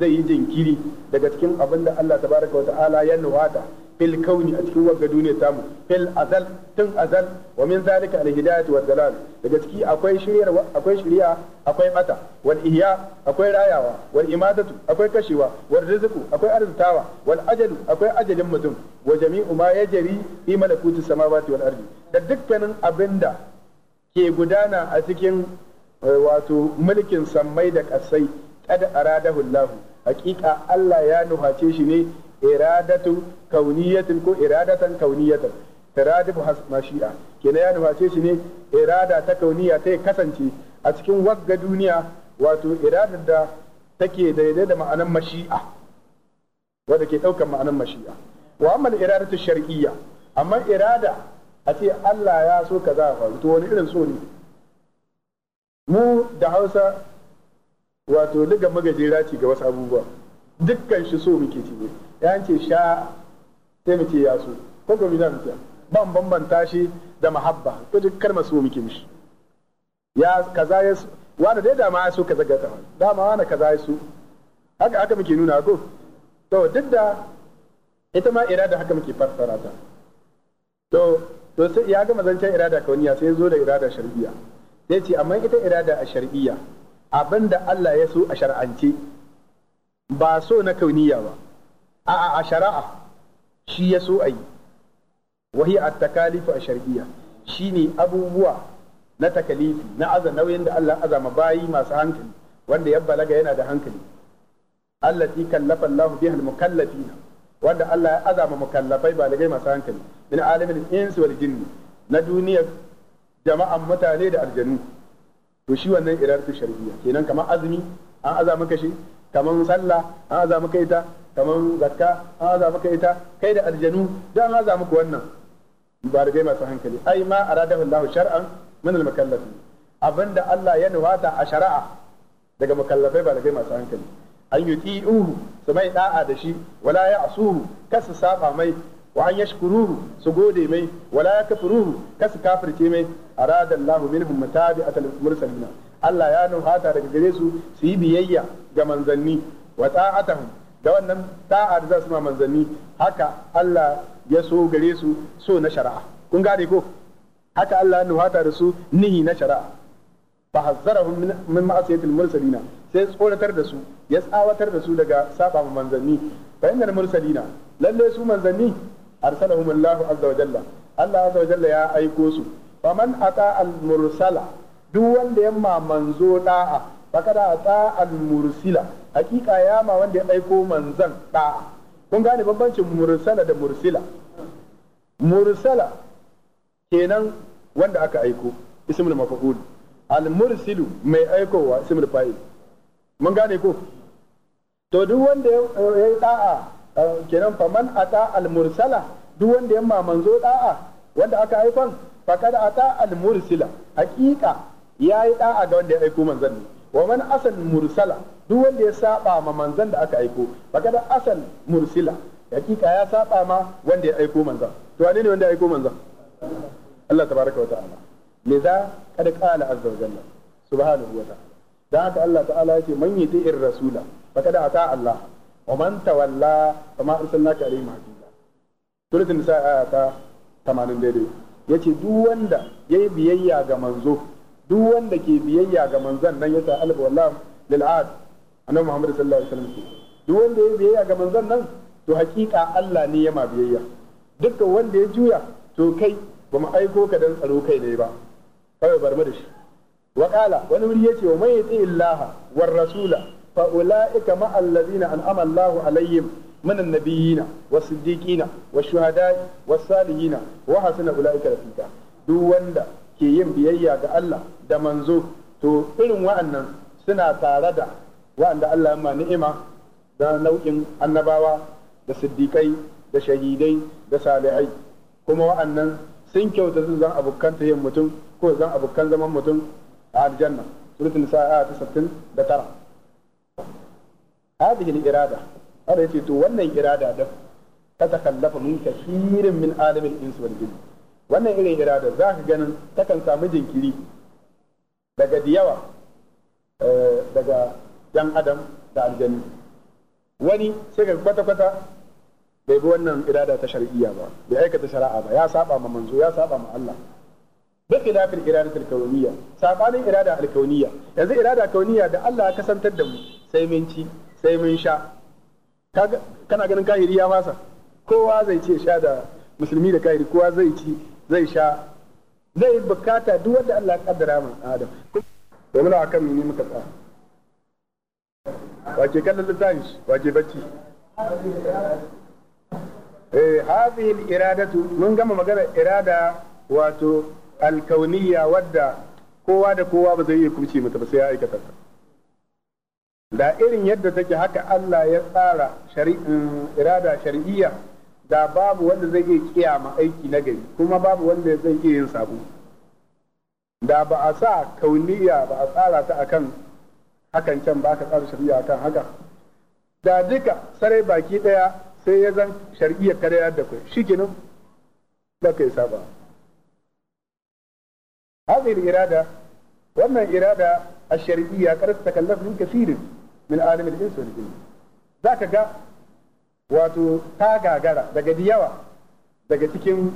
zai yi jinkiri daga cikin abinda Allah tabaraka wa ta'ala ya nuwata fil kauni a cikin wagga duniya tamu fil azal tun azal wa min zalika al hidayatu wa dalal daga ciki akwai shiriya akwai shiriya akwai bata wal ihya akwai rayawa wal imadatu akwai kashewa wal rizqu akwai arzutawa wal ajalu akwai ajalin mutum wa jami'u ma yajri fi malakuti samawati wal ardi da dukkanin abinda ke gudana a cikin eh, wato mulkin sammai da kasai kad aradahu Allah hakika Allah ya nuhace shi ne iradatu kauniyatin ko iradatan kauniyatan iradibu mashi'a kenan ya nuface shi ne irada ta kauniya ta kasance a cikin wagga duniya wato iradar da take daidai da ma'anar mashi'a wanda ke ɗaukar ma'anar mashi'a wa amma iradatu shar'iyya amma irada a ce Allah ya so kaza za faru to wani irin so ne mu da Hausa wato liga magajera ce ga wasu abubuwa dukkan shi so muke ci ne ya ce sha sai muke ya so ko ga za mu ban bambanta shi da mahabba ko duk kar maso muke mishi ya kaza ya so wani dai dama ya so kaza ga dama wani kaza ya so haka haka muke nuna ko to duk da ita ma irada haka muke fassara ta to to sai ya gama zancen irada kauniya sai zo da irada shar'iyya sai ce amma ita irada a shar'iyya abinda Allah ya so a shar'ance ba so na kauniya ba a'a a shara'a. shi ya so a yi wahi a takalifu a shari'iyya shi ne abubuwa na takalifi na aza nauyin da Allah azama bayi masu hankali wanda ya balaga yana da hankali Allah allati kallafa Allahu biha al-mukallafina wanda Allah ya azama mukallafai balagai masu hankali min alimin insi wal jinni na duniyar jama'an mutane da aljanu to shi wannan irartu shar'iyya kenan kamar azumi an azama kashi kamar sallah an azama kaita kamar zakka an haza maka ita kai da aljanu da an haza muku wannan ba da masu hankali ai ma aradahu Allah shar'an min al mukallafi abinda Allah ya nuwata a shari'a daga mukallafai ba da masu hankali an yuti'uhu su mai da'a da shi wala asuhu kasu saba mai wa an yashkuruhu su gode mai wala kafuruhu kasu kafirce mai arada Allah minhum mutabi'atal mursalina Allah ya nuhata daga gare su su yi biyayya ga manzanni wa ta'atahum da wannan da'a da za su ma manzanni haka Allah ya so gare su so na shari'a kun gane ko haka Allah ya nuhata da su nihi na shari'a fa hazzarahum min ma'asiyatil mursalina sai tsoratar da su ya tsawatar da su daga saba ma manzanni fa innal mursalina lalle su manzanni arsalahum Allah azza wa jalla Allah azza wa jalla ya aiko su faman ata al mursala duk wanda yamma manzo da'a faqad ata al mursila hakika ya ma wanda ya aiko manzan da kun gane bambancin mursala da mursila mursala kenan wanda aka aiko ismul mafa'ul al mursilu mai aikowa ismul fa'il mun gane ko to duk wanda ya yi da'a eh, kenan faman ata al mursala duk wanda ya ma manzo da'a wanda aka aikon fakada ata al mursila hakika ya yi da'a ga wanda ya aiko manzan ne wa man asal mursala duk wanda ya saba ma manzan da aka aiko fakada asal mursila hakika ya saba ma wanda ya aiko manzan to wane ne wanda ya aiko manzan Allah tabaraka wa ta'ala liza kad qala azza wa jalla subhanahu wa ta'ala dan haka Allah ta'ala yace man yuti'ir rasula fakada ata Allah wa man tawalla fama arsalnaka alayhi hafiza suratul nisa ayata 80 daidai yace duk wanda yayi biyayya ga manzo duk wanda ke biyayya ga manzan nan yasa alba wallahu lil ad annabi Muhammad sallallahu alaihi wasallam duk wanda ya biyayya ga manzan nan to hakika Allah ne ya ma biyayya dukkan wanda ya juya to kai ba mu aiko ka dan tsaro kai ne ba kawai bar mu da shi wa qala wani wuri yace wa may yati illaha war rasula fa ulaika ma allazina an'ama Allahu alaihim من النبيين والصديقين والشهداء والصالحين وحسن أولئك رفيقا دو وندا ke yin biyayya ga Allah da manzo to irin wa'annan suna tare da wa'anda Allah ma ni'ima da nau'in annabawa da siddiƙai da shahidai da salihai kuma wa'annan sun kyauta sun zan abokan yin mutum ko zan abokan zaman mutum a aljanna suratul sa'a ta 69 hadhihi al-irada Allah ce to wannan irada da ta takallafa min kathirin min alamin insu wal wannan irin irada za ka ganin takan samu jinkiri daga diyawa eh, daga yan adam da aljani wani sai ka kwata-kwata bai bi wannan irada ta shar'iyya ba bai aikata shari'a ba ya saba ma manzo ya saba ma Allah Duk khilafin irada al-kauniyya sabanin irada alkauniya yanzu irada kauniyya da Allah ya kasantar da mu sai mun ci sai mun sha kana ganin kahiri ya fasa kowa zai ce sha da musulmi da kahiri kowa zai ci zai sha zai bukata duk wanda Allah ya kaddara ma adam to muna akan mini muka tsaya wace kallon littafin wace bacci eh hadhihi al-iradatu mun gama magana irada wato alkauniya wadda kowa da kowa ba zai iya kuce mata ba sai ya aikata ta da irin yadda take haka Allah ya tsara irada shari'iyya da babu wanda zai iya kiyama aiki na gari kuma babu wanda zai iya yin sabo da ba a sa kauniya ba a tsara ta akan hakan can ba ka tsara shari'a akan haka da duka sarai baki daya sai ya zan shari'a karya da kai shikenan ba kai saba hadir irada wannan irada a shari'a kar kallafin kafirin min kasirin min zaka ga wato ta gagara daga yawa daga cikin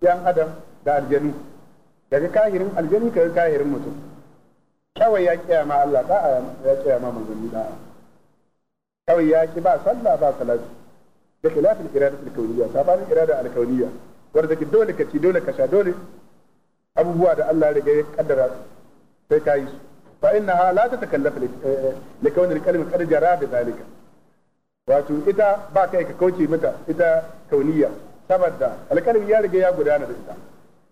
yan adam da aljanu daga kahirin aljanu kaga kahirin mutum kawai ya kiyama Allah ba ya kiyama manzanni da'a kawai ya ki ba sallah ba salatu da khilafin iradatul kauniyya sabanin irada al-kauniyya wanda take dole ka ci dole ka sha dole abubuwa da Allah ya riga kaddara sai ka yi su fa innaha la tatakallafu li eh, kaunil kalmi qad jara bi zalika wato ita ba kai ka kauce mata ita kauniya saboda alkalin ya riga ya gudana da ita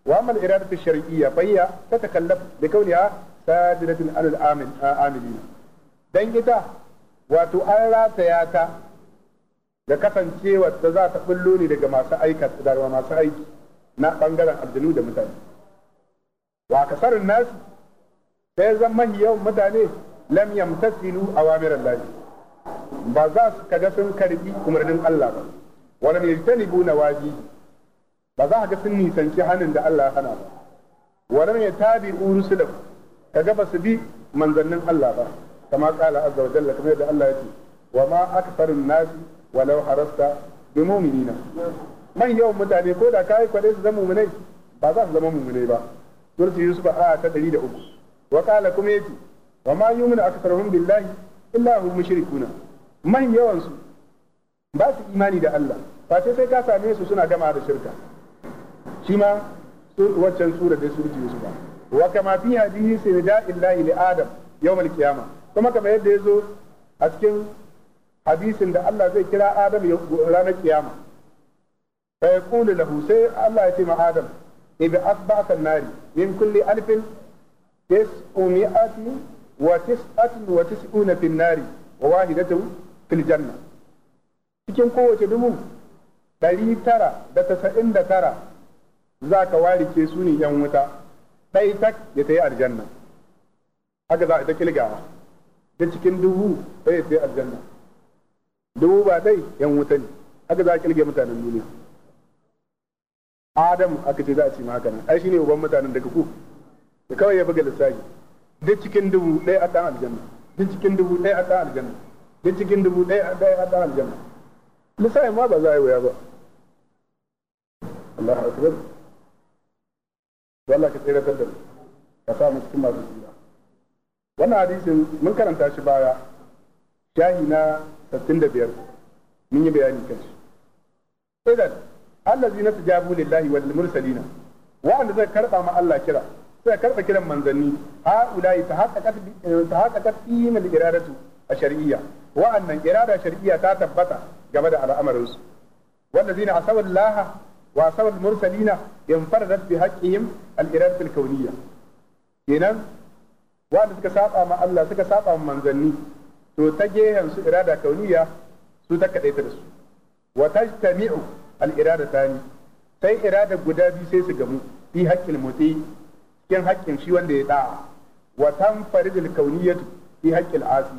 wa amal iradatu shar'iyya fayya ta takallaf da kauniya sadiratun alul amin amilin dan ita wato an ya ta da kasancewa ta za ta bullo ne daga masu aikata daga masu aiki na bangaren aljanu da mutane wa kasarin nasu sai zan mahi yawan mutane lam yamtasilu awamiran ba za su kaga sun karbi umarnin Allah ba wala mai tani na waji ba za ga sun nisanci hannun da Allah hana ba wala mai tabi urusulam kaga ba su bi manzannin Allah ba kama kala azza wa jalla kamar da Allah ya ce wa ma aktharun nasi walau harasta bi mu'minina man yawan mutane ko da kai kwade su zama mu'minai ba za su zama mu'minai ba surtu yusuf a ta 103 wa kala kuma yace wa ma yu'minu aktharuhum billahi illa hum mushrikuna man yawansu ba su imani da Allah ba sai sai ka same su suna gama da shirka shi ma waccan sura da surji su ba wa kama fi sai da illahi li adam yawmal qiyama kuma kama yadda yazo a cikin hadisin da Allah zai kira Adam ranar kiyama fa yaqulu lahu sai Allah ya ce ma Adam ibi asbaka nari min kulli alfin tis'umi'ati wa tis'atu wa tis'una fin nari wa wahidatu fil janna cikin kowace dubu ɗari tara da tasa'in da tara za ka warike su ne yan wuta ɗai tak ya ta yi aljanna haka za a ta kilgawa da cikin dubu ɗai ya ta yi aljanna dubu ba ɗai yan wuta ne haka za a kilge mutanen duniya adam aka ce za a ci ma haka nan ai shine uban mutanen daga ku da kawai ya buga lissafi duk cikin dubu ɗai a ɗan aljanna duk cikin dubu ɗaya a ɗan aljanna da cikin dubu ɗaya a ɗaya a ɗan aljanna lissafin ma ba za a yi wuya ba Allahu akbar Allah ka tsere da mu ka sa mu cikin masu tsira wannan hadisin mun karanta shi baya shahi na biyar mun yi bayani kan shi idan allazi su jabu lillahi wal mursalina wa'anda zai karɓa ma Allah kira sai karɓa kiran manzanni ha ulai ta haqqaqat eh, ta haqqaqat fihim al iradatu a shari'iyya wa'annan irada shari'iyya ta tabbata game da wanda zina a asawul laha wa asawul mursalina infaradat bi haqqihim al-iradatul kenan waɗanda suka saba ma Allah suka saba ma manzanni to ta gehen su irada kauniya su ta kadaita da su wa tajtami'u al irada tani sai irada guda biyu sai su gamu fi haƙƙin muti cikin haƙƙin shi wanda ya da'a wa tanfaridul kauniyatu fi haƙƙin asi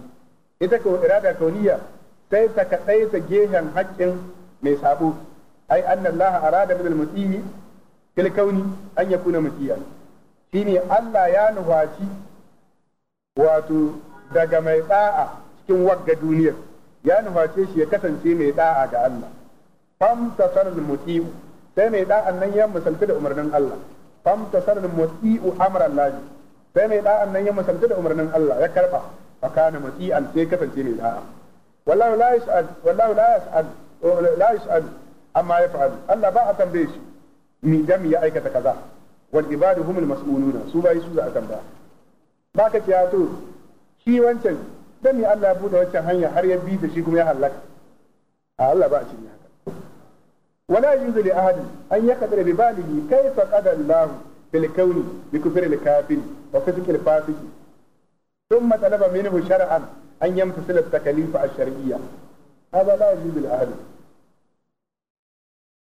ita ko irada kauniya sai ta kadai ta gehen haƙƙin mai sabo ai anna Allah arada bil mutihi fil kauni an yakuna mutiya shine Allah ya nufaci wato daga mai da'a cikin wagga duniyar ya nuface shi ya kasance mai da'a ga Allah fam tasarrul muti'u sai mai da'an nan ya musalta da umarnin Allah fam tasarrul muti'u amran lahi sai mai da'an nan ya musalta da umarnin Allah ya karba fa kana mati'an sai kasance mai da'a wallahu la yas'al wallahu la Allah ba a tambaye shi mi dam ya aikata kaza wal ibadu humul mas'uluna su bai su za a tambaya ba ka kiya to wancan dan ne Allah ya bude wancan hanya har ya bi da shi kuma ya halaka a Allah ba a cikin haka an yaka bi balihi kayfa qada Allah bil kawni bi kufri al ثم طلب منه شرعا أن يمتثل التكاليف الشرعية هذا لا a لأحد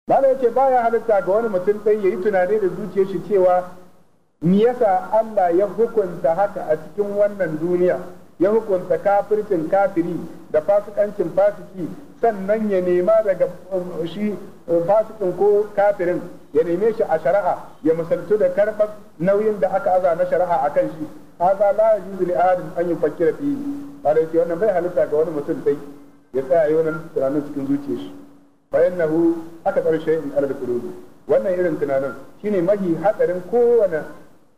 Malam ya ce baya halitta ga wani mutum ɗan ya yi tunani da zuciyar shi cewa me yasa Allah ya hukunta haka a cikin wannan duniya ya hukunta kafircin kafiri da fasikancin fasiki sannan ya nema daga um, shi um, fasikin ko kafirin ya neme shi a shari'a ya misaltu da karɓar nauyin da aka aza na shari'a a kan shi haza la yajuzu li adam an yufakkira fihi da ce wannan bai halitta ga wani mutum sai ya tsaya yau nan tunanin cikin zuciyar shi fa innahu aka tsare shay'in ala qulubi wannan irin tunanin shine mahi hatsarin kowane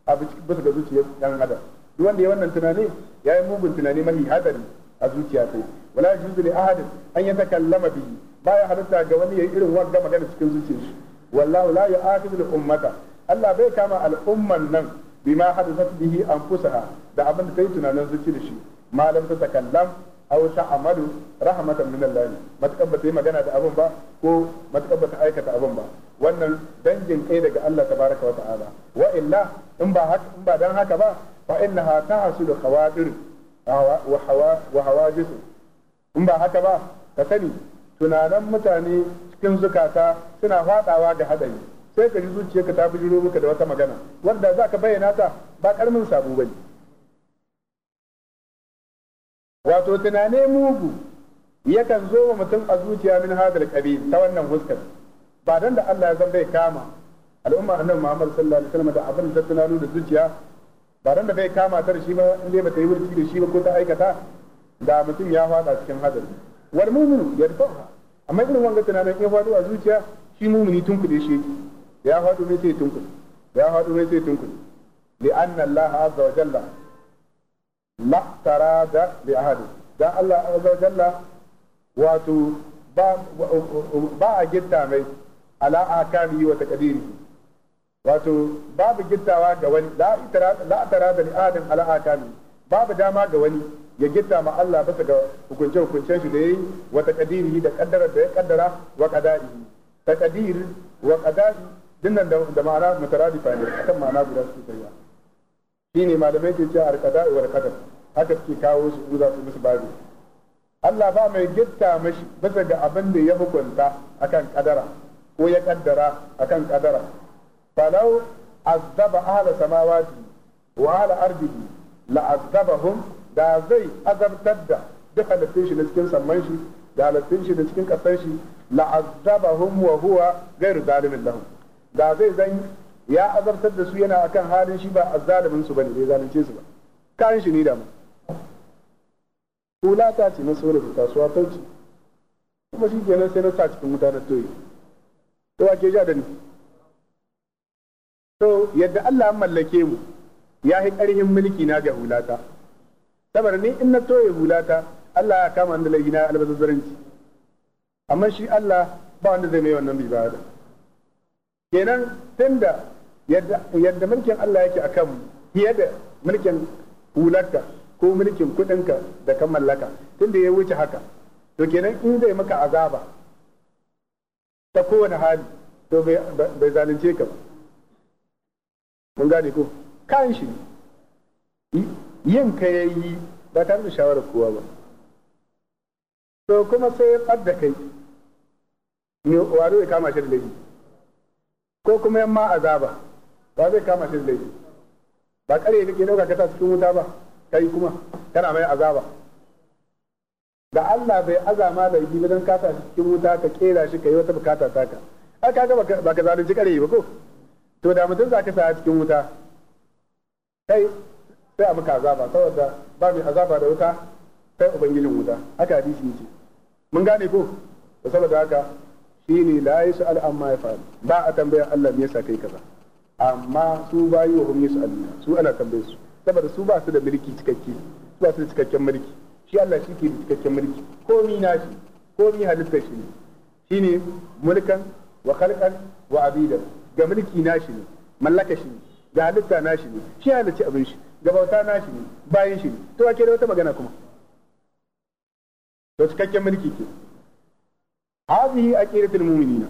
abu bisa ga zuciyar dan adam duk wanda ya wannan tunani yayi mugun tunani mahi hatsari a zuciya sai wala yajuzu li ahadin an yatakallama bihi ya halatta ga wani yayi irin wagga magana cikin zuciyarsa wallahu la yu'akhidhu al ummata Allah bai kama al'umman nan ma bima hadathat bihi anfusaha da abin da ta yi tunanin zuci da shi malam ta takallam aw ta'amalu rahmatan min Allah matakan bata yi magana da abin ba ko matakan bata aikata abin ba wannan dangin kai daga Allah tabaraka wa ta'ala wa illa in ba haka in ba dan haka ba fa innaha tahsulu khawadir wa hawa wa hawajis in ba haka ba ka sani tunanan mutane cikin zukata suna fadawa da hadari sai ka ji zuciyarka ta bujiro maka da wata magana wanda za ka bayyana ta ba karmin sabo bane wato tunane mugu yakan zo wa mutum a zuciya min hadal kabi ta wannan huskar ba dan da Allah ya zan bai kama al'umma annabi Muhammad sallallahu alaihi wasallam da abin da tunano da zuciya ba dan da bai kama ta da shi ba in dai bata yi wurci da shi ba ko ta aikata da mutum ya fada cikin hadari wal mu'minu yarfa'ha amma irin wanga tunanin ya fado a zuciya shi mu'mini tunkude shi yake ya fado ne sai tunkude ya fado ne sai tunkude li anna Allah azza wa jalla la tarada bi ahadi dan Allah azza wa jalla wato ba a gitta mai ala akami wa taqdiri wato babu gittawa ga wani la tarada li adam ala akami babu dama ga wani ya gidda ma Allah bisa ga hukunce hukuncen shi da yayi wa taqdirihi da kaddarar da ya kaddara wa qada'ihi taqdir wa qada'i dinnan da ma'ana mutaradifa ne akan ma'ana guda su Shi ne malamai ke cewa al-qada'u wal qadar haka suke kawo su za su musu babu Allah ba mai gitta mashi bisa ga abin da ya hukunta akan kadara ko ya kaddara akan kadara falau azaba ahla samawati wa ahla ardihi la azabahum da zai azabtar da duk halittun shi na cikin samman shi da halittun shi na cikin ƙasar shi la'azabahum wa huwa ghairu zalimin lahum da zai zan ya azabtar da su yana akan halin shi ba azzalimin su bane bai zalunce su ba kan shi ni da mu kula ta ce na sore ta kasuwa ta ce kuma shi kenan sai na sa cikin mutanen na to wa ke ja da ni to yadda Allah ya mallake mu ya yi ƙarhin mulki na ga hulata saboda ni in na toye hulata Allah ya kama da laifi na albazazzaranci amma shi Allah ba wanda zai mai wannan bi ba kenan tunda yadda yadda mulkin Allah yake akan fiye da mulkin hularka ko mulkin kudinka da kan mallaka tunda ya wuce haka to kenan in zai maka azaba ta kowane hali to bai zalunce ka ba mun gane ko kan shi yin ka ya yi ba tare da shawarar kowa ba to kuma sai ya da kai ne waro ya kama shi da laifi ko kuma yan ma azaba ba zai kama shi da laifi ba kare kake ɗauka ka sa cikin wuta ba kai kuma tana mai azaba da Allah bai azama da yi wajen kasa cikin wuta ka kera shi ka yi wata bukata taka ai kaga ba ka zalunci kare ba ko to da mutum za ka sa cikin wuta kai sai a maka azaba saboda ba mai azaba da wuta sai ubangijin wuta haka hadisi yake mun gane ko da saboda haka shine la yas'al amma yafa'al ba a tambayar Allah me yasa kai kaza amma su bayi wa hum yas'aluna su ana tambayar su saboda su ba su da mulki cikakke su ba su da cikakken mulki shi Allah shi ke da cikakken mulki komi nashi shi komi halittar shi ne shine mulkan wa khalqan wa abidan ga mulki nashi ne mallaka shi ga halitta nashi ne shi halicci abin shi Gabauta na shi ne bayan shi ne to ake da wata magana kuma to cikakken mulki ke hazihi aqidatul mu'minina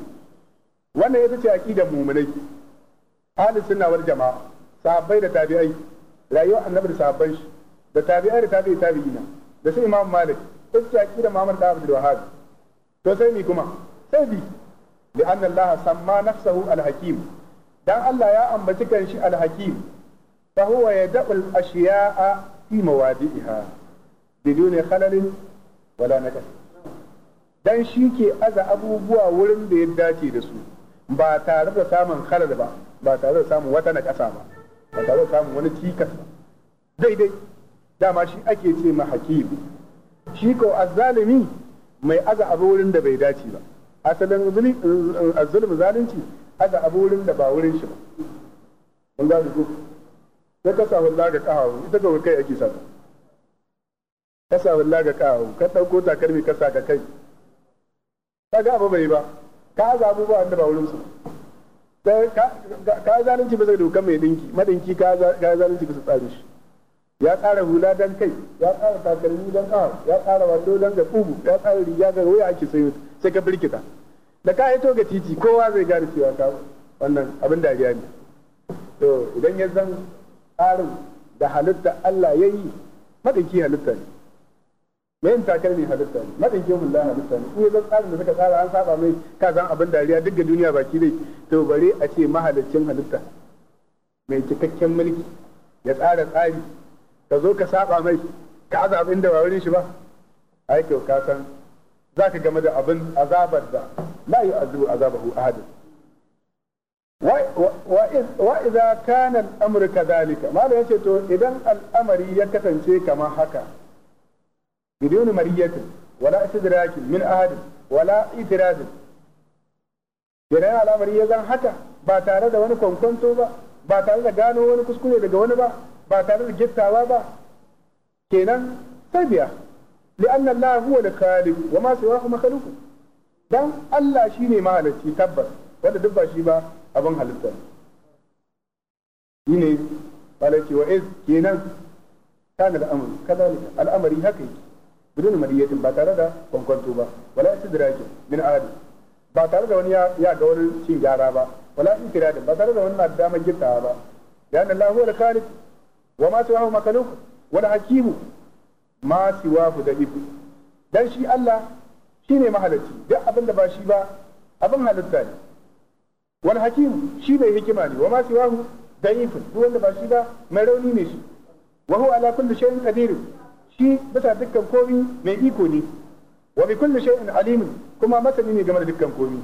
wannan ita ce aqidar mu'minai ahli sunna wal jama'a sahabbai da tabi'ai rayuwar annabi da sahabban shi da tabi'ai da tabi'i tabi'ina da sai imam malik ita ce aqidar muhammad da abdul wahhab to sai ni kuma sai bi li anna allaha samma nafsahu al hakim dan Allah ya ambaci kanshi al hakim فهو يدع الأشياء في مواضعها بدون خلل ولا نقص dan shi ke aza abubuwa wurin da ya dace da su ba tare da samun halal ba ba tare da samun wata na ƙasa ba ba tare da samun wani cikas ba daidai dama shi ake ce ma hakim shi ko azzalimi mai aza abu wurin da bai dace ba asalin zulmi eh, eh, zalunci aza abu wurin da ba wurin shi ba ka samu laga kawo ita ga kai ake sata ka samu laga kawo ka ɗauko takarmi kasa saka kai ka ga abu bai ba ka mu ba wanda ba wurin su ka zalunci bisa dokan mai dinki madinki ka zalunci bisa tsari shi ya tsara hula dan kai ya tsara takalmi dan kawo ya tsara wando dan ga kugu ya tsara riga ga waya ake sayo sai ka birkita da ka hito ga titi kowa zai gane cewa ka wannan abin dariya ne to idan ya zan tsarin da halitta Allah ya yi madauki halitta ne takar ne halitta ne mun mulla halitta ne ku yanzu tsarin da suka tsara an saba mai ka san abin dariya duk duniya baki dai to bare a ce mahaliccin halitta mai cikakken mulki ya tsara tsari ka zo ka saba mai ka azab inda ba wurin shi ba ai kyau ka san za ka game da abin azabar da la yu'azu azabahu ahadun wa idza kana al-amru kadhalika yace to idan al'amari ya kasance kamar haka bidun mariyatin wala istidrakin min ahad wala itirad idan al'amari ya zan haka ba tare da wani kwankwanto ba ba tare da gano wani kuskure daga wani ba ba tare da gittawa ba kenan sai biya li'anna Allah huwa al-khaliq wa ma siwahu makhluq dan Allah shine mahalicci tabbas wanda duk shi ba abin halitta ne shine malai cewa iz kenan kana kada ne al'amari haka yake bidun mariyatin ba tare da kwankwanto ba wala istidraki min ahadi ba tare da wani ya ga wani cin gyara ba wala intiradin ba tare da wani na damar gittawa ba ya na Allah huwa al-khaliq wa ma siwahu makaluk wal hakim ma siwahu da ibu dan shi Allah shine mahalarci duk abin da ba shi ba abin halitta ne wal hakim shi mai hikima ne wa ma siwahu da'ifun duk wanda ba shi ba mai rauni ne shi wa huwa ala kulli shay'in qadir shi bisa dukkan komi mai iko ne wa bi kulli shay'in alim kuma masani ne game da dukkan komi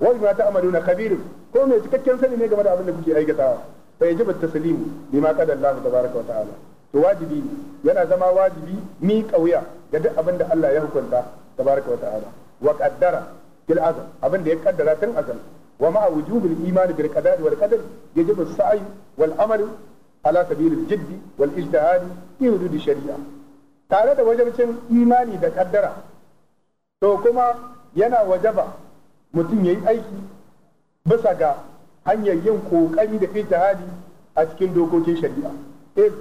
wa bima ta'maluna khabir ko mai cikakken sani ne game da abin da kuke aikatawa fa yajibu taslimu bima qada Allah tabaaraka wa ta'ala to wajibi yana zama wajibi mi kauya ga duk abin da Allah ya hukunta tabaaraka wa ta'ala wa qaddara abin da ya kaddara tun azam. ومع وجوب الإيمان بالقضاء والقدر يجب السعي والعمل على سبيل الجد والاجتهاد في حدود shari'a. tare da wajen cin imani da ƙaddara to kuma yana wajaba mutum ya yi aiki bisa ga hanyar yin kokari da ijtihadi a cikin dokokin shari'a eh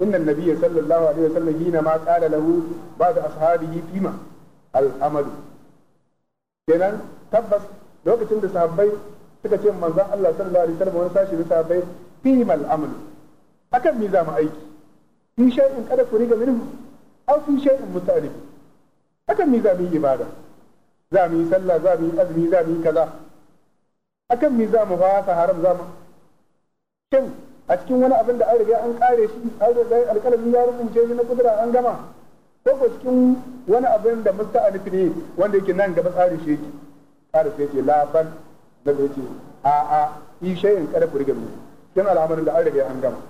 inna nabiyya sallallahu alaihi wasallam hina ma qala lahu ba'da ashabihi fima al-amalu kenan tabbas lokacin da sahabbai suka ce manzon Allah sallallahu alaihi wasallam wani sashi da sahabbai fi mal amalu akan mi za mu aiki fi shay'in kada ku riga minhu aw fi shay'in mutalib akan mi za mu yi ibada za mu yi sallah za mu yi azumi za mu yi kaza akan mi za mu fasa haram za mu shin a cikin wani abin da an riga an kare shi an riga alƙalami ya rubuce shi na kudura an gama ko ko cikin wani abin da musta'anif ne wanda yake nan gaba tsarin shi yake kada sai ce la bal da bai ce a a yi shayin kada ku rige mu kin al'amarin da an rage an gama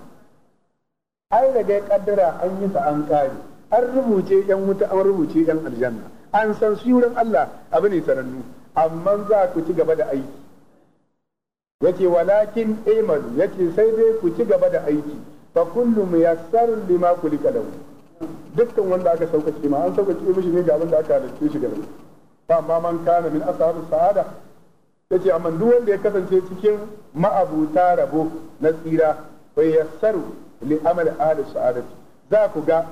an rage kaddara an yi sa an kare an rubuce yan wuta an rubuce yan aljanna an san suran Allah abu ne sanannu amma za ku ci gaba da aiki yace walakin imalu yace sai dai ku ci gaba da aiki fa kullu muyassar lima kulika lahu dukkan wanda aka saukace ma an saukace mishi ne ga abin da aka halicce shi gaba fa amma man kana min asabu sa'ada yace amma duk wanda ya kasance cikin ma'abuta rabo na tsira bai yassaru li amal ahli sa'adati za ku ga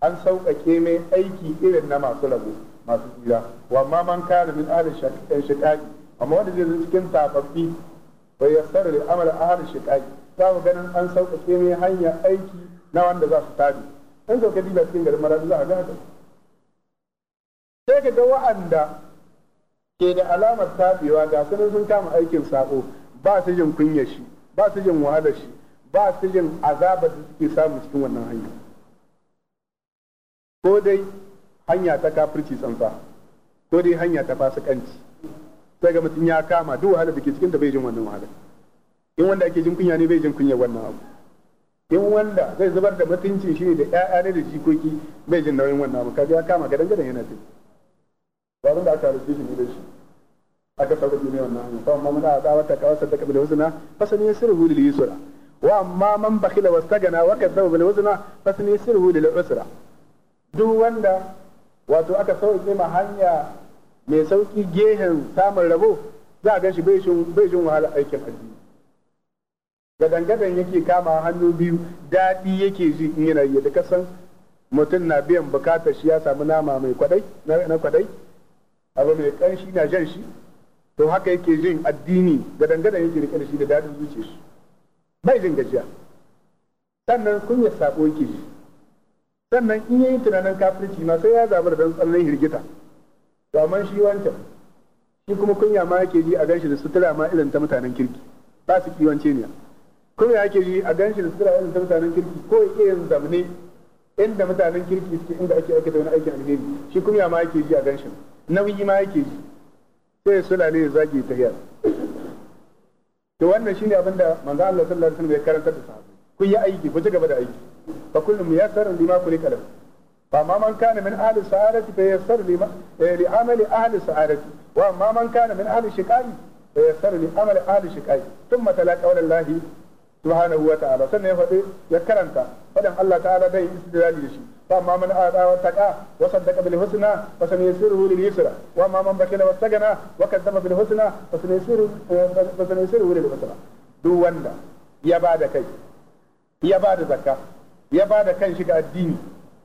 an sauƙaƙe mai aiki irin na masu rabo masu tsira wa amma man kana min ahli eh, shiqaqi amma wanda zai cikin tafaffi bai yassaru li amal ahli shiqaqi za ku ganin an sauƙaƙe mai hanya aiki na wanda za su tabi in sauƙaƙe ba cikin garin maradu za a ga sai ka ga wa'anda ke da alamar tabewa ga su sun kama aikin sako ba su jin kunya shi ba su jin wahala shi ba su jin azabar da suke samu cikin wannan hanya ko dai hanya ta kafirci tsantsa ko dai hanya ta fasikanci sai ga mutum ya kama duk wahala da ke cikin da bai jin wannan wahala. in wanda ake jin kunya ne bai jin kunya wannan abu in wanda zai zubar da mutuncin shi ne da ƴaƴa ne da jikoki bai jin nauyin wannan abu kaga ya kama gadan gadan yana tafi ba abin da aka halitta shi ne da shi aka sauƙaƙe mai wannan hanyar fa amma muna a tsawata kawar sadaka bil husna fasani yasruhu lil yusra wa amma man bakhila wastagana wa kadzaba bil husna fasani yasruhu lil usra duk wanda wato aka sauƙaƙe ma hanya mai sauƙi gehen samun rabo za a ganshi bai jin wahala aikin addini gadangadan yake kama hannu biyu daɗi yake ji in yana yi da kasan mutum na biyan bukatar shi ya samu nama mai kwadai na kwadai abu mai kanshi na jan shi to haka yake jin addini ga dangane yake rike da shi da dadin zuciya shi bai jin gajiya sannan kun ya sako yake ji sannan in yayi tunanin kafirci ma sai ya zabar dan tsallan hirgita to amma shi wancan shi kuma kunya ma yake ji a ganshi da sutura ma irin ta mutanen kirki ba su kiwance ne ya ke ji a ganshi da sutura irin ta mutanen kirki ko ya iya zamne inda mutanen kirki suke inda ake aikata wani aikin alheri shi kunya ma yake ji a ganshin nauyi ma yake ji sai ya sulale ya zage ta hiyar to wannan shine abin da manzo Allah sallallahu alaihi wasallam ya karantar da sahabbai ku yi aiki ku ci gaba da aiki fa kullu muyassarun lima kulika kalam. fa ma man kana min ahli sa'adati fa yassar lima eh, li amali ahli sa'adati wa ma man kana min ahli shiqaqi fa yassar li amali ahli shiqaqi thumma talaqa walallahi subhanahu wa ta'ala sannan ya faɗi ya karanta faɗin Allah ta'ala dai istidlali da shi fa amma man aada wa taqa wa saddaqa bil husna fa sanaysiruhu lil yusra wa amma man bakila wa tagana wa kadzaba bil husna fa sanaysiruhu eh, fa sanaysiruhu lil usra duk wanda ya bada kai ya bada zakka ya bada kan shi ga addini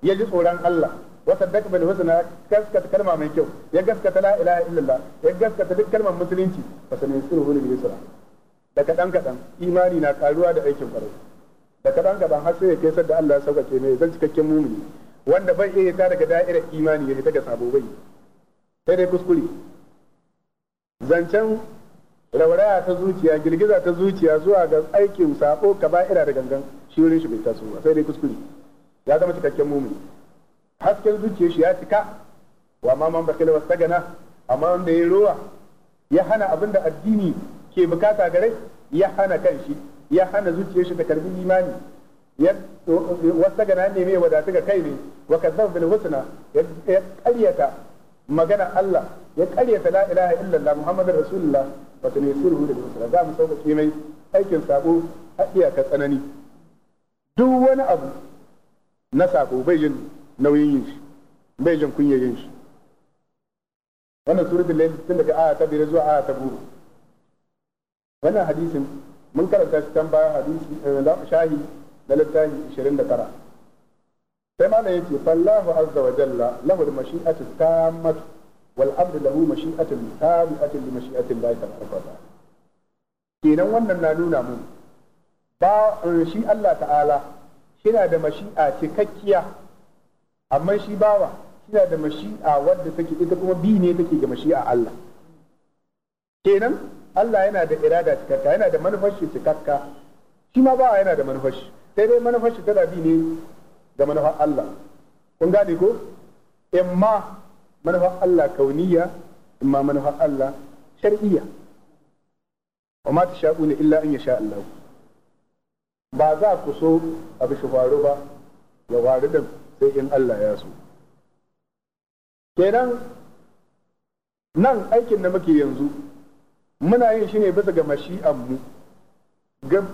ya ji tsoron Allah wa saddaqa bil husna gaskata kalma mai kyau ya gaskata la ilaha illallah ya gaskata duk kalmar musulunci fa sanaysiruhu lil yusra da kaɗan kaɗan imani na karuwa da aikin kwarai da kaɗan kaɗan har sai ya kai da Allah sauƙaƙe mai zan cikakken mumini wanda bai iya ta daga da'irar imani ya fita ga sabo bai sai dai kuskure zancen rauraya ta zuciya girgiza ta zuciya zuwa ga aikin sabo kaba'ira da gangan shi wurin shi bai taso ba sai dai kuskure ya zama cikakken mumini hasken zuciya shi ya cika wa ma man bakila gana amma wanda ya rowa ya hana abin da addini ke bukata gare ya hana kan shi ya hana zuciyar shi ta karbi imani ya wasa gana ne mai wadatu ga kai ne wa kazzab bil husna ya karyata magana Allah ya karyata la ilaha illallah muhammadur rasulullah wa tanisuruhu da musala za mu sauƙaƙe mai aikin sako haɗiya ka tsanani duk wani abu na sako bai jin nauyin yin shi bai jin kunyar yin shi wannan suratul layl tun daga aya ta biyar zuwa aya ta goma wannan hadisin mun karanta shi can baya hadisi eh, shahi na littafi 29 sai ma ya ce fallahu azza wa jalla lahu mashi'atu tammatu wal abdu lahu mashi'atu tabi'atu li mashi'ati Allah tabaraka wa ta'ala kenan wannan na nuna mun ba eh, shi Allah ta'ala shina da mashi'a cikakkiya amma shi bawa shina da mashi'a wadda take ita kuma bi ne take ga mashi'a Allah kenan Allah yana da irada cikakka yana da manufar cikakka shi ma ba yana da manufashi sai dai manufashi ta tana bi ne ga manufar Allah kun gane ko imma manufar Allah kauniya imma manufar Allah shar'iyya wa ma ne illa an yasha Allah ba za ku so abu shi faru ba ya faru da sai in Allah ya so kenan nan aikin da muke yanzu muna yin shi ne bisa ga mashi'an mu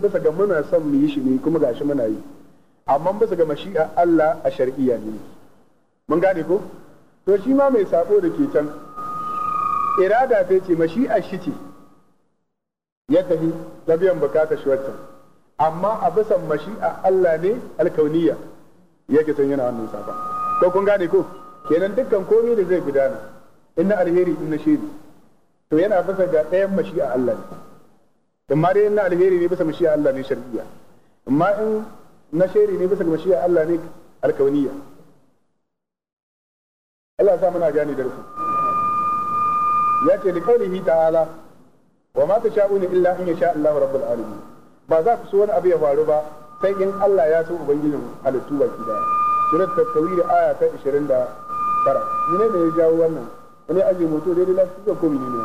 bisa ga muna son mu yi shi ne kuma gashi muna yi amma bisa ga mashi'a Allah a shar'iyya ne mun gane ko to shi ma mai sako da ke can irada ta ce mashi'a shi ce ya tafi na biyan bukata shi wata amma a bisa mashi'a Allah ne alkauniya yake son yana hannun safa ko kun gane ko kenan dukkan komai da zai gudana inna alheri inna shiri to yana bisa ga ɗayan mashi'a Allah ne amma dai na alheri ne bisa mashi'a Allah ne shar'iyya amma in na shari ne bisa ga mashi'a Allah ne alkauniya. Allah ya sa muna gane darsu ya ce li qawlihi ta'ala wa ma tasha'una illa an yasha Allah rabbul alamin ba za ku so wani abu ya faru ba sai in Allah ya so ubangijin halittu baki daya surat at-tawil aya ta 29 ne me ya jawo wannan wani aje moto daidai lafi ko mini ne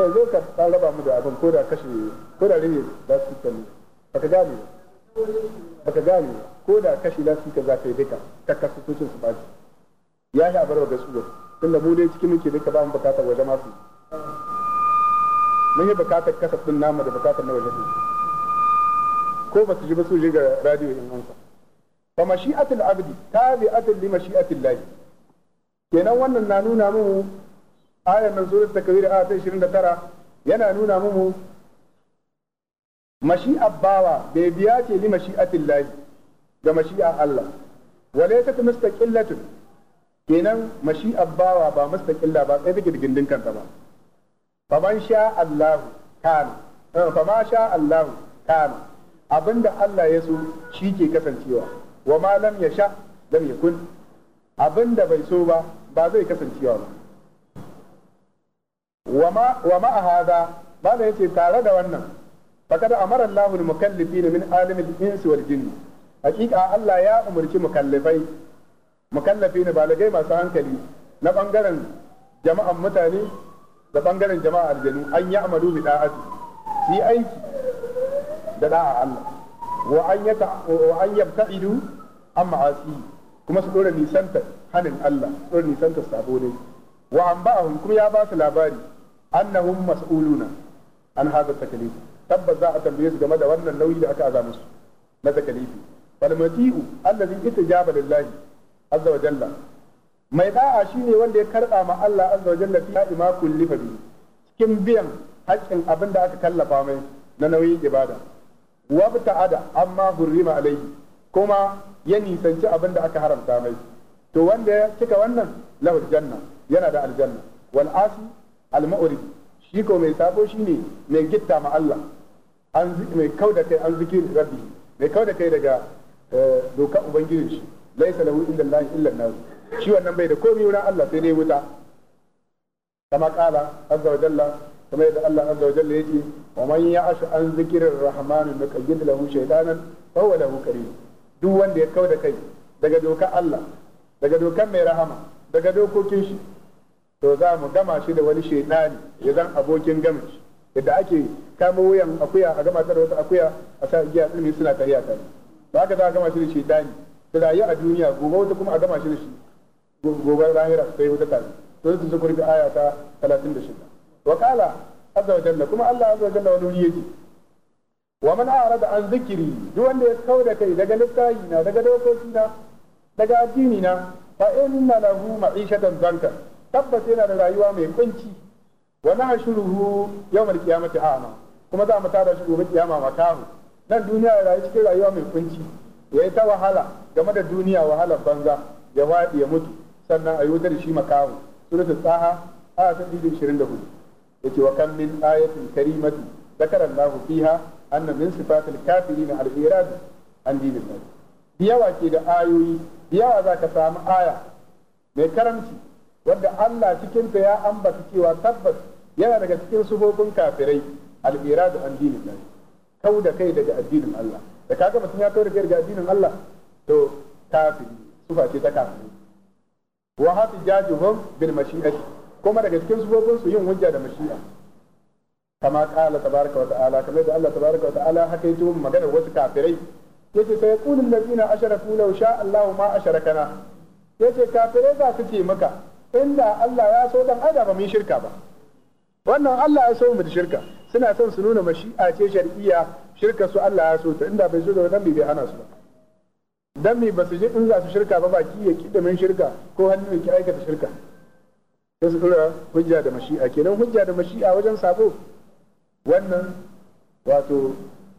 eh zo ka ta raba mu da abin ko da kashe ko da rage su ka ne baka gane baka gane ko da kashe lafi ka za ka yi duka ta kasu tocin su baki ya yi abar ga su tunda mu dai cikin muke duka ba mu bukatar waje masu mun yi bukatar kasa din namu da bukatar na waje ko ba su ji ba su ji ga radiyo in ansa fa mashi'atul abdi tabi'atul li mashi'atil lahi kenan wannan na nuna mu ayar nan surat takbir a ta 29 yana nuna mu mashi'a bawa bai biya ce li mashi'atin lahi ga mashi'a Allah walaysa mustaqillatun kenan mashi'a bawa ba mustaqilla ba sai take gindin kanta ba faman sha Allah eh, fa ma sha Allah kan abinda Allah ya so shi ke kasancewa wa ma lam yasha lam yakun abin da bai so ba ba zai kasancewa ba wa ma'a hada ba da yace tare da wannan fakad amara Allahu al-mukallifin min alimil insi wal jinni hakika Allah ya umarci mukallafi na balagai masu hankali na bangaren jama'an mutane da bangaren jama'a aljanu an yi amalu bi da'ati su aiki da da'a Allah wa an yabta'idu an ma'asi kuma su dora nisanta hanin Allah su dora nisanta sabo dai wa anba'ahum kuma ya ba su labari annahum mas'uluna an hadha takalif tabbas za a tambaye su game da wannan nauyi da aka aza musu na takalifi fal mati'u allazi itajaba lillahi azza wa jalla mai da'a shine wanda ya karba ma Allah azza wa jalla fi ma kullifa bi cikin biyan haƙƙin abin da aka kallafa mai na nauyin ibada wabta'ada amma hurrima alaihi kuma ya nisanci abin da aka haramta mai to wanda ya cika wannan lahu janna yana da aljanna wal asi al ma'uridi shi ko mai sabo mai gitta ma Allah an mai kauda kai an zikiri rabbi mai kauda kai daga eh, doka ubangijin shi laisa lahu illa Allah illa nar shi wannan bai da komai wurin Allah sai dai wuta kama kala azza wa jalla kama yadda Allah azza wa jalla yake wa man ya'ash an zikrir rahman nuqayyid lahu shaytanan fa huwa lahu karim duk wanda ya kau da kai daga dokar Allah daga dokar mai rahama daga dokokin shi to za mu gama shi da wani shaitani ya zan abokin gama shi yadda ake kama wuyan akuya a gama da wata akuya a sa giya ilimi suna kariya kai to haka za a gama shi da shaitani su rayu a duniya gobe wata kuma a gama shi da shi gobe lahira su kai wata tare to su zukurfi aya ta 36 shida qala azza wa jalla kuma Allah azza wa jalla wani yake wa man arada an zikiri duk wanda ya kau da kai daga littafi na daga dokoki na daga addini na fa inna lahu ma'ishatan zanka tabbas yana da rayuwa mai kunci wa nahshuruhu yawmal qiyamati a'ma kuma za mu tada shi gobe kiyama makahu nan duniya ya rayu cikin rayuwa mai kunci ya yi ta wahala game da duniya wahalar banza ya waɗi ya mutu sannan a yi wutar shi makahu suratul tsaha aya ta 24 yake wa kan min ayatin karimati zakarallahu fiha anna min sifatil kafirin al irad an dinin nan yawa ke da ayoyi yawa za ka samu aya mai karamci wadda Allah cikin ta ya ambata cewa tabbas yana daga cikin sufofin kafirai al irad an dinin nan kau da kai daga addinin Allah da kaga mutum ya kau da kai daga addinin Allah to kafiri sufa ce ta kafiri wa hatijajuhum bil mashi'ati kuma daga cikin sufofin su yin hujja da mashi'a kama kala tabaraka wa ta'ala kamar da Allah tabaraka wa ta'ala haka yato magana wasu kafirai yace sai yaqulu allazina asharaku law sha Allahu ma asharakana yace kafirai za su ce maka inda Allah ya so dan adam mu shirka ba wannan Allah ya so mu da shirka suna son su nuna mashi'a ce shar'iyya shirka su Allah ya so ta inda bai so da wannan bai hana su ba dan me ba su ji in za su shirka ba baki ya kida min shirka ko hannu ya ki aikata shirka sai su hujja da mashi'a kenan hujja da mashi'a wajen sabo wannan wato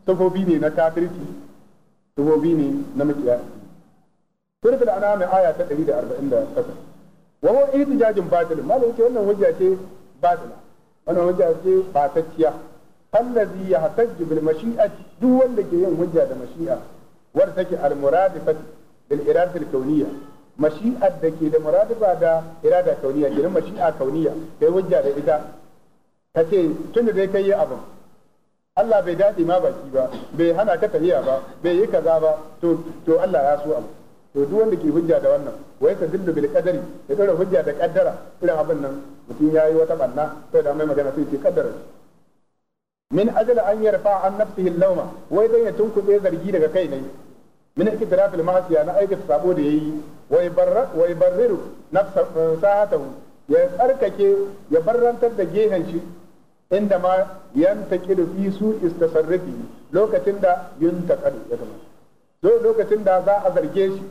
sufofi ne na kafirci sufofi ne na makiya ana an'am aya ta 148 wa huwa ihtijajun batil malai ce wannan hujja ce batila wannan hujja ce batacciya allazi yahtajju bil mashi'ati duk wanda ke yin hujja da mashi'a wadda take al muradifati bil iradatil kauniyya mashi'ar da ke da muradifa da irada kauniya kenan mashi'a kauniya kai hujja da ita ka ce da dai kai yi abin Allah bai daɗi ma baki ba bai hana ka tafiya ba bai yi kaza ba to to Allah ya so abu to duk wanda ke hujja da wannan wai ka dillu bil qadari ya dora hujja da kaddara irin abin nan mutum yayi wata banna sai da mai magana sai ce kaddara min ajala an yarfa an nafsihi lauma wai dan ya tunkuɗe zargi daga kai ne min ikitraf ma'siya na aikata sabo da yayi wai barra wai barriru nafsa eh, sa'atahu ya tsarkake ya barrantar da gehen shi inda ma yantaqidu fi su sarrafi lokacin da yuntaqadu ya zama so lokacin da za a zarge shi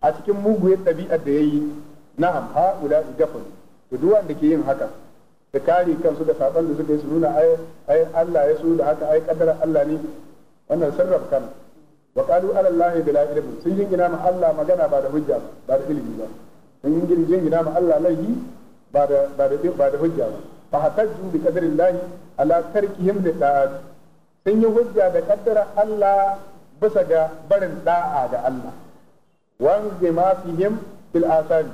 a cikin muguwar ɗabi'ar da yayi na'am ha'ula gafal to duk wanda ke yin haka da kare kansu da saban da suka yi su nuna ai Allah ya so da haka ai kadara Allah ne wannan sarrafa kan wa qalu ala Allah bila ilmi sun gina ma Allah magana ba da hujja ba da ilimi ba sun gina ma Allah laifi ba da ba da hujja ba fa hakajju bi qadarillahi ala tarkihim li da'at sun yi hujja da kaddara Allah bisa ga barin da'a ga Allah wan zima fihim fil asari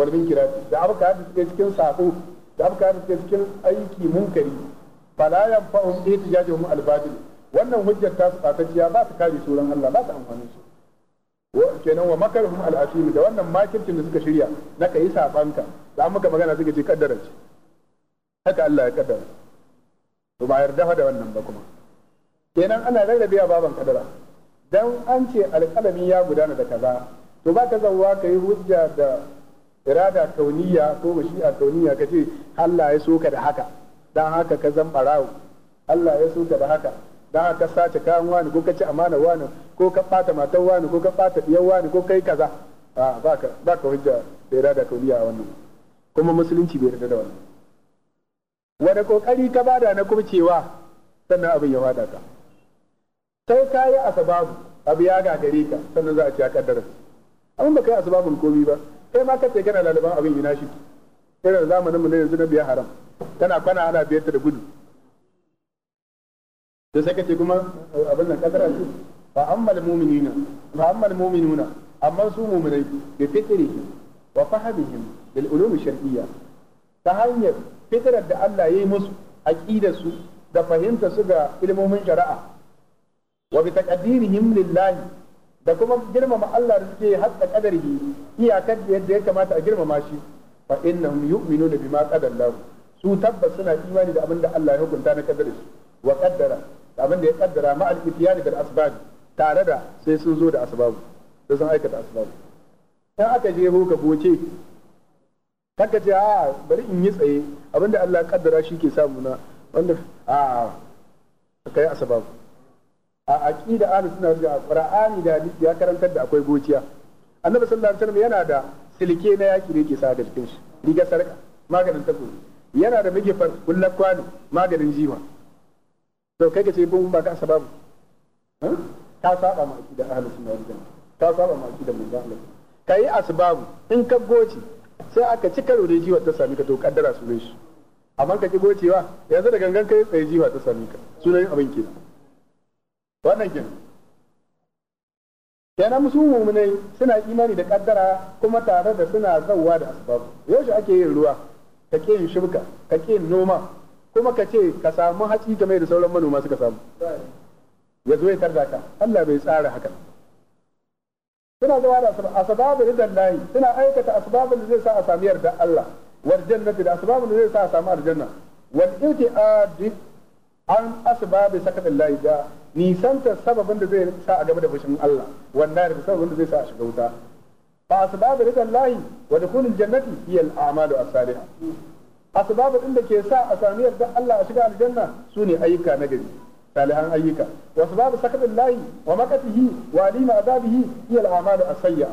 wal munkirati da abka da suke cikin sako da abka da suke cikin aiki munkari fala yanfa'um ihtijajuhum al batil wannan hujjar ta su fatacciya ba su kare suran Allah ba su amfani su kenan wa makarhum al da wannan makircin da suka shirya na yi sabanka da an muka magana suka ce kaddarar haka Allah ya kaddara to ba yarda da wannan ba kuma kenan ana rarrabe a baban kadara dan an ce alƙalami ya gudana da kaza to ba ka zauwa ka yi hujja da irada kauniya ko mashi'a kauniya ka ce Allah ya soka da haka dan haka ka zan barawo Allah ya soka da haka dan haka sace kayan wani ko ka ci amana wani ko ka bata matan wani ko ka bata diyan wani ko kai kaza a baka baka hujja da irada kauniya wannan kuma musulunci bai yarda da wannan wani kokari ka bada na cewa sannan abin ya fada ka sai ka yi asbabu abu ya gagare ka sannan za a ci a kaddara abin ba kai asbabun komi ba kai ma kace kana laliban abin yana shi irin zamanin mu ne yanzu na biya haram tana kwana ana biyar ta da gudu da sai kace kuma abin nan a ce fa ammal mu'minina fa ammal mu'minuna amma su mu'minai bi fitrihim wa fahimihim bil ulum shar'iyya ta hanyar fitrar da Allah ya yi musu aqidar su da fahimta su ga ilmomin shari'a wa bi taqdirihim lillahi da kuma girmama Allah da suke hatta kadarihi iyakar da yadda ya kamata a girmama shi fa innahum yu'minuna bima qaddara su tabbas suna imani da abin da Allah ya hukunta na kadari wa qaddara abin da ya kaddara ma al-itiyani bil asbab tare da sai sun zo da asbabu sai sun aikata asbabu in aka je ka goce kanka ce a bari in yi tsaye abinda Allah kaddara shi ke samu na wanda a kai asabab a aqida ahlus suna wal qur'ani da ya karantar da akwai gociya annabi sallallahu alaihi wasallam yana da silke na yaki da yake sa da cikin shi riga sarka maganin tako yana da mige far kullar kwano maganin jiwa to kai ka ce bin ba ka asabab ka saba ma aqida ahlus sunna wal jama'a ka saba ma aqida manzo Allah kai asbab in ka goci sai aka ci karo da jiwa ta sami ka to kaddara sunan shi amma ka ki gocewa yanzu da gangan kai tsaye jiwa ta sami ka sunan abin kenan wannan kenan kenan musu mu'minai suna imani da kaddara kuma tare da suna zauwa da asbabu yaushe ake yin ruwa ka ke yin shirka? ka ke yin noma kuma ka ce ka samu hatsi game da sauran manoma suka samu ya zo ya tarda ka Allah bai tsara haka suna zama da asbabul ridan lahi suna aikata asbabul da zai sa a sami yarda Allah wal jannati da asbabul da zai sa a sami aljanna wal ibtiad an asbabi sakatin lahi da nisanta sababin da zai sa a gaba da fushin Allah wannan da sababin da zai sa a shiga wuta fa asbabul ridan lahi wa dukhulul jannati hiya al a'malu as-salihah asbabul din da ke sa a sami yarda Allah a shiga aljanna sune ayyuka na gari salihan ayyuka wa sababu sakatillahi wa makatihi wa alima azabihi yi al-amalu a sayya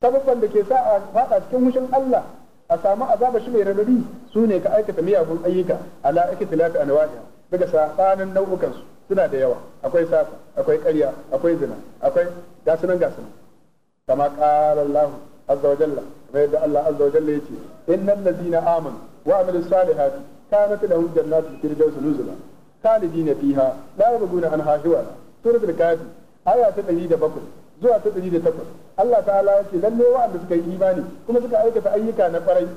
sababban da ke sa a fada cikin mushin Allah a samu azaba shi mai radadi su ne ka aikata miyagun ayyuka ala iktilafi anwa'iha daga sabanin nau'ukan su suna da yawa akwai sata akwai karya akwai zina akwai gasunan gasunan kama qala Allah azza wa jalla kamar yadda Allah azza wa jalla yace innal ladina amanu wa amilus salihati kanat lahum jannatul firdaus nuzula khalidina fiha la an anha hiwala suratul kafi aya ta 107 zuwa ta 108 Allah ta'ala ya ce lalle wa'anda suka yi imani kuma suka aikata ayyuka na farai.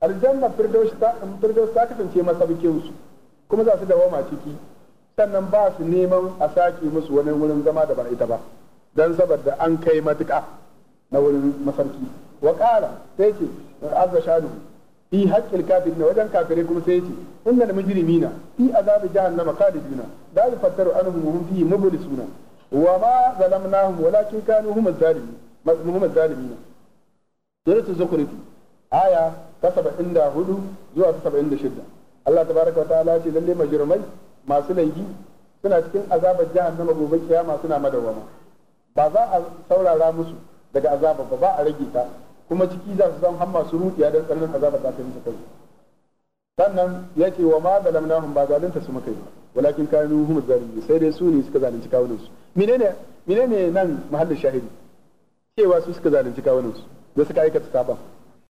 aljanna firdaus ta firdaus ta kasance masaukin su kuma za su ma ciki sannan ba su neman a sake musu wani wurin zama da ba ita ba dan saboda an kai matuka na wurin masarki wa sai ce azza shanu fi haqqil kafirin wajen kafire kuma sai yace innal mujrimina fi azabi jahannama khaliduna la yufattaru anhum hum fihi mublisuna wa ma zalamnahum walakin kanu hum az-zalimin mazmumum az-zalimin suratu zukhruf aya ta 74 zuwa ta 76 Allah tabaraka wa ta'ala ce lalle majrimai masu laifi suna cikin azabar jahannama gobe kiyama suna madawama ba za a saurara musu daga azabar ba ba a rage ta kuma ciki za su zama har masu rukiya don tsananin azabar za ta musu kai sannan yake wa ma zalamnahum ba zalunta su muka yi walakin kanu hum zalimi sai dai su ne suka zalunci kawunan su menene menene nan mahallin shahidi cewa su suka zalunci kawunan su da suka aikata saban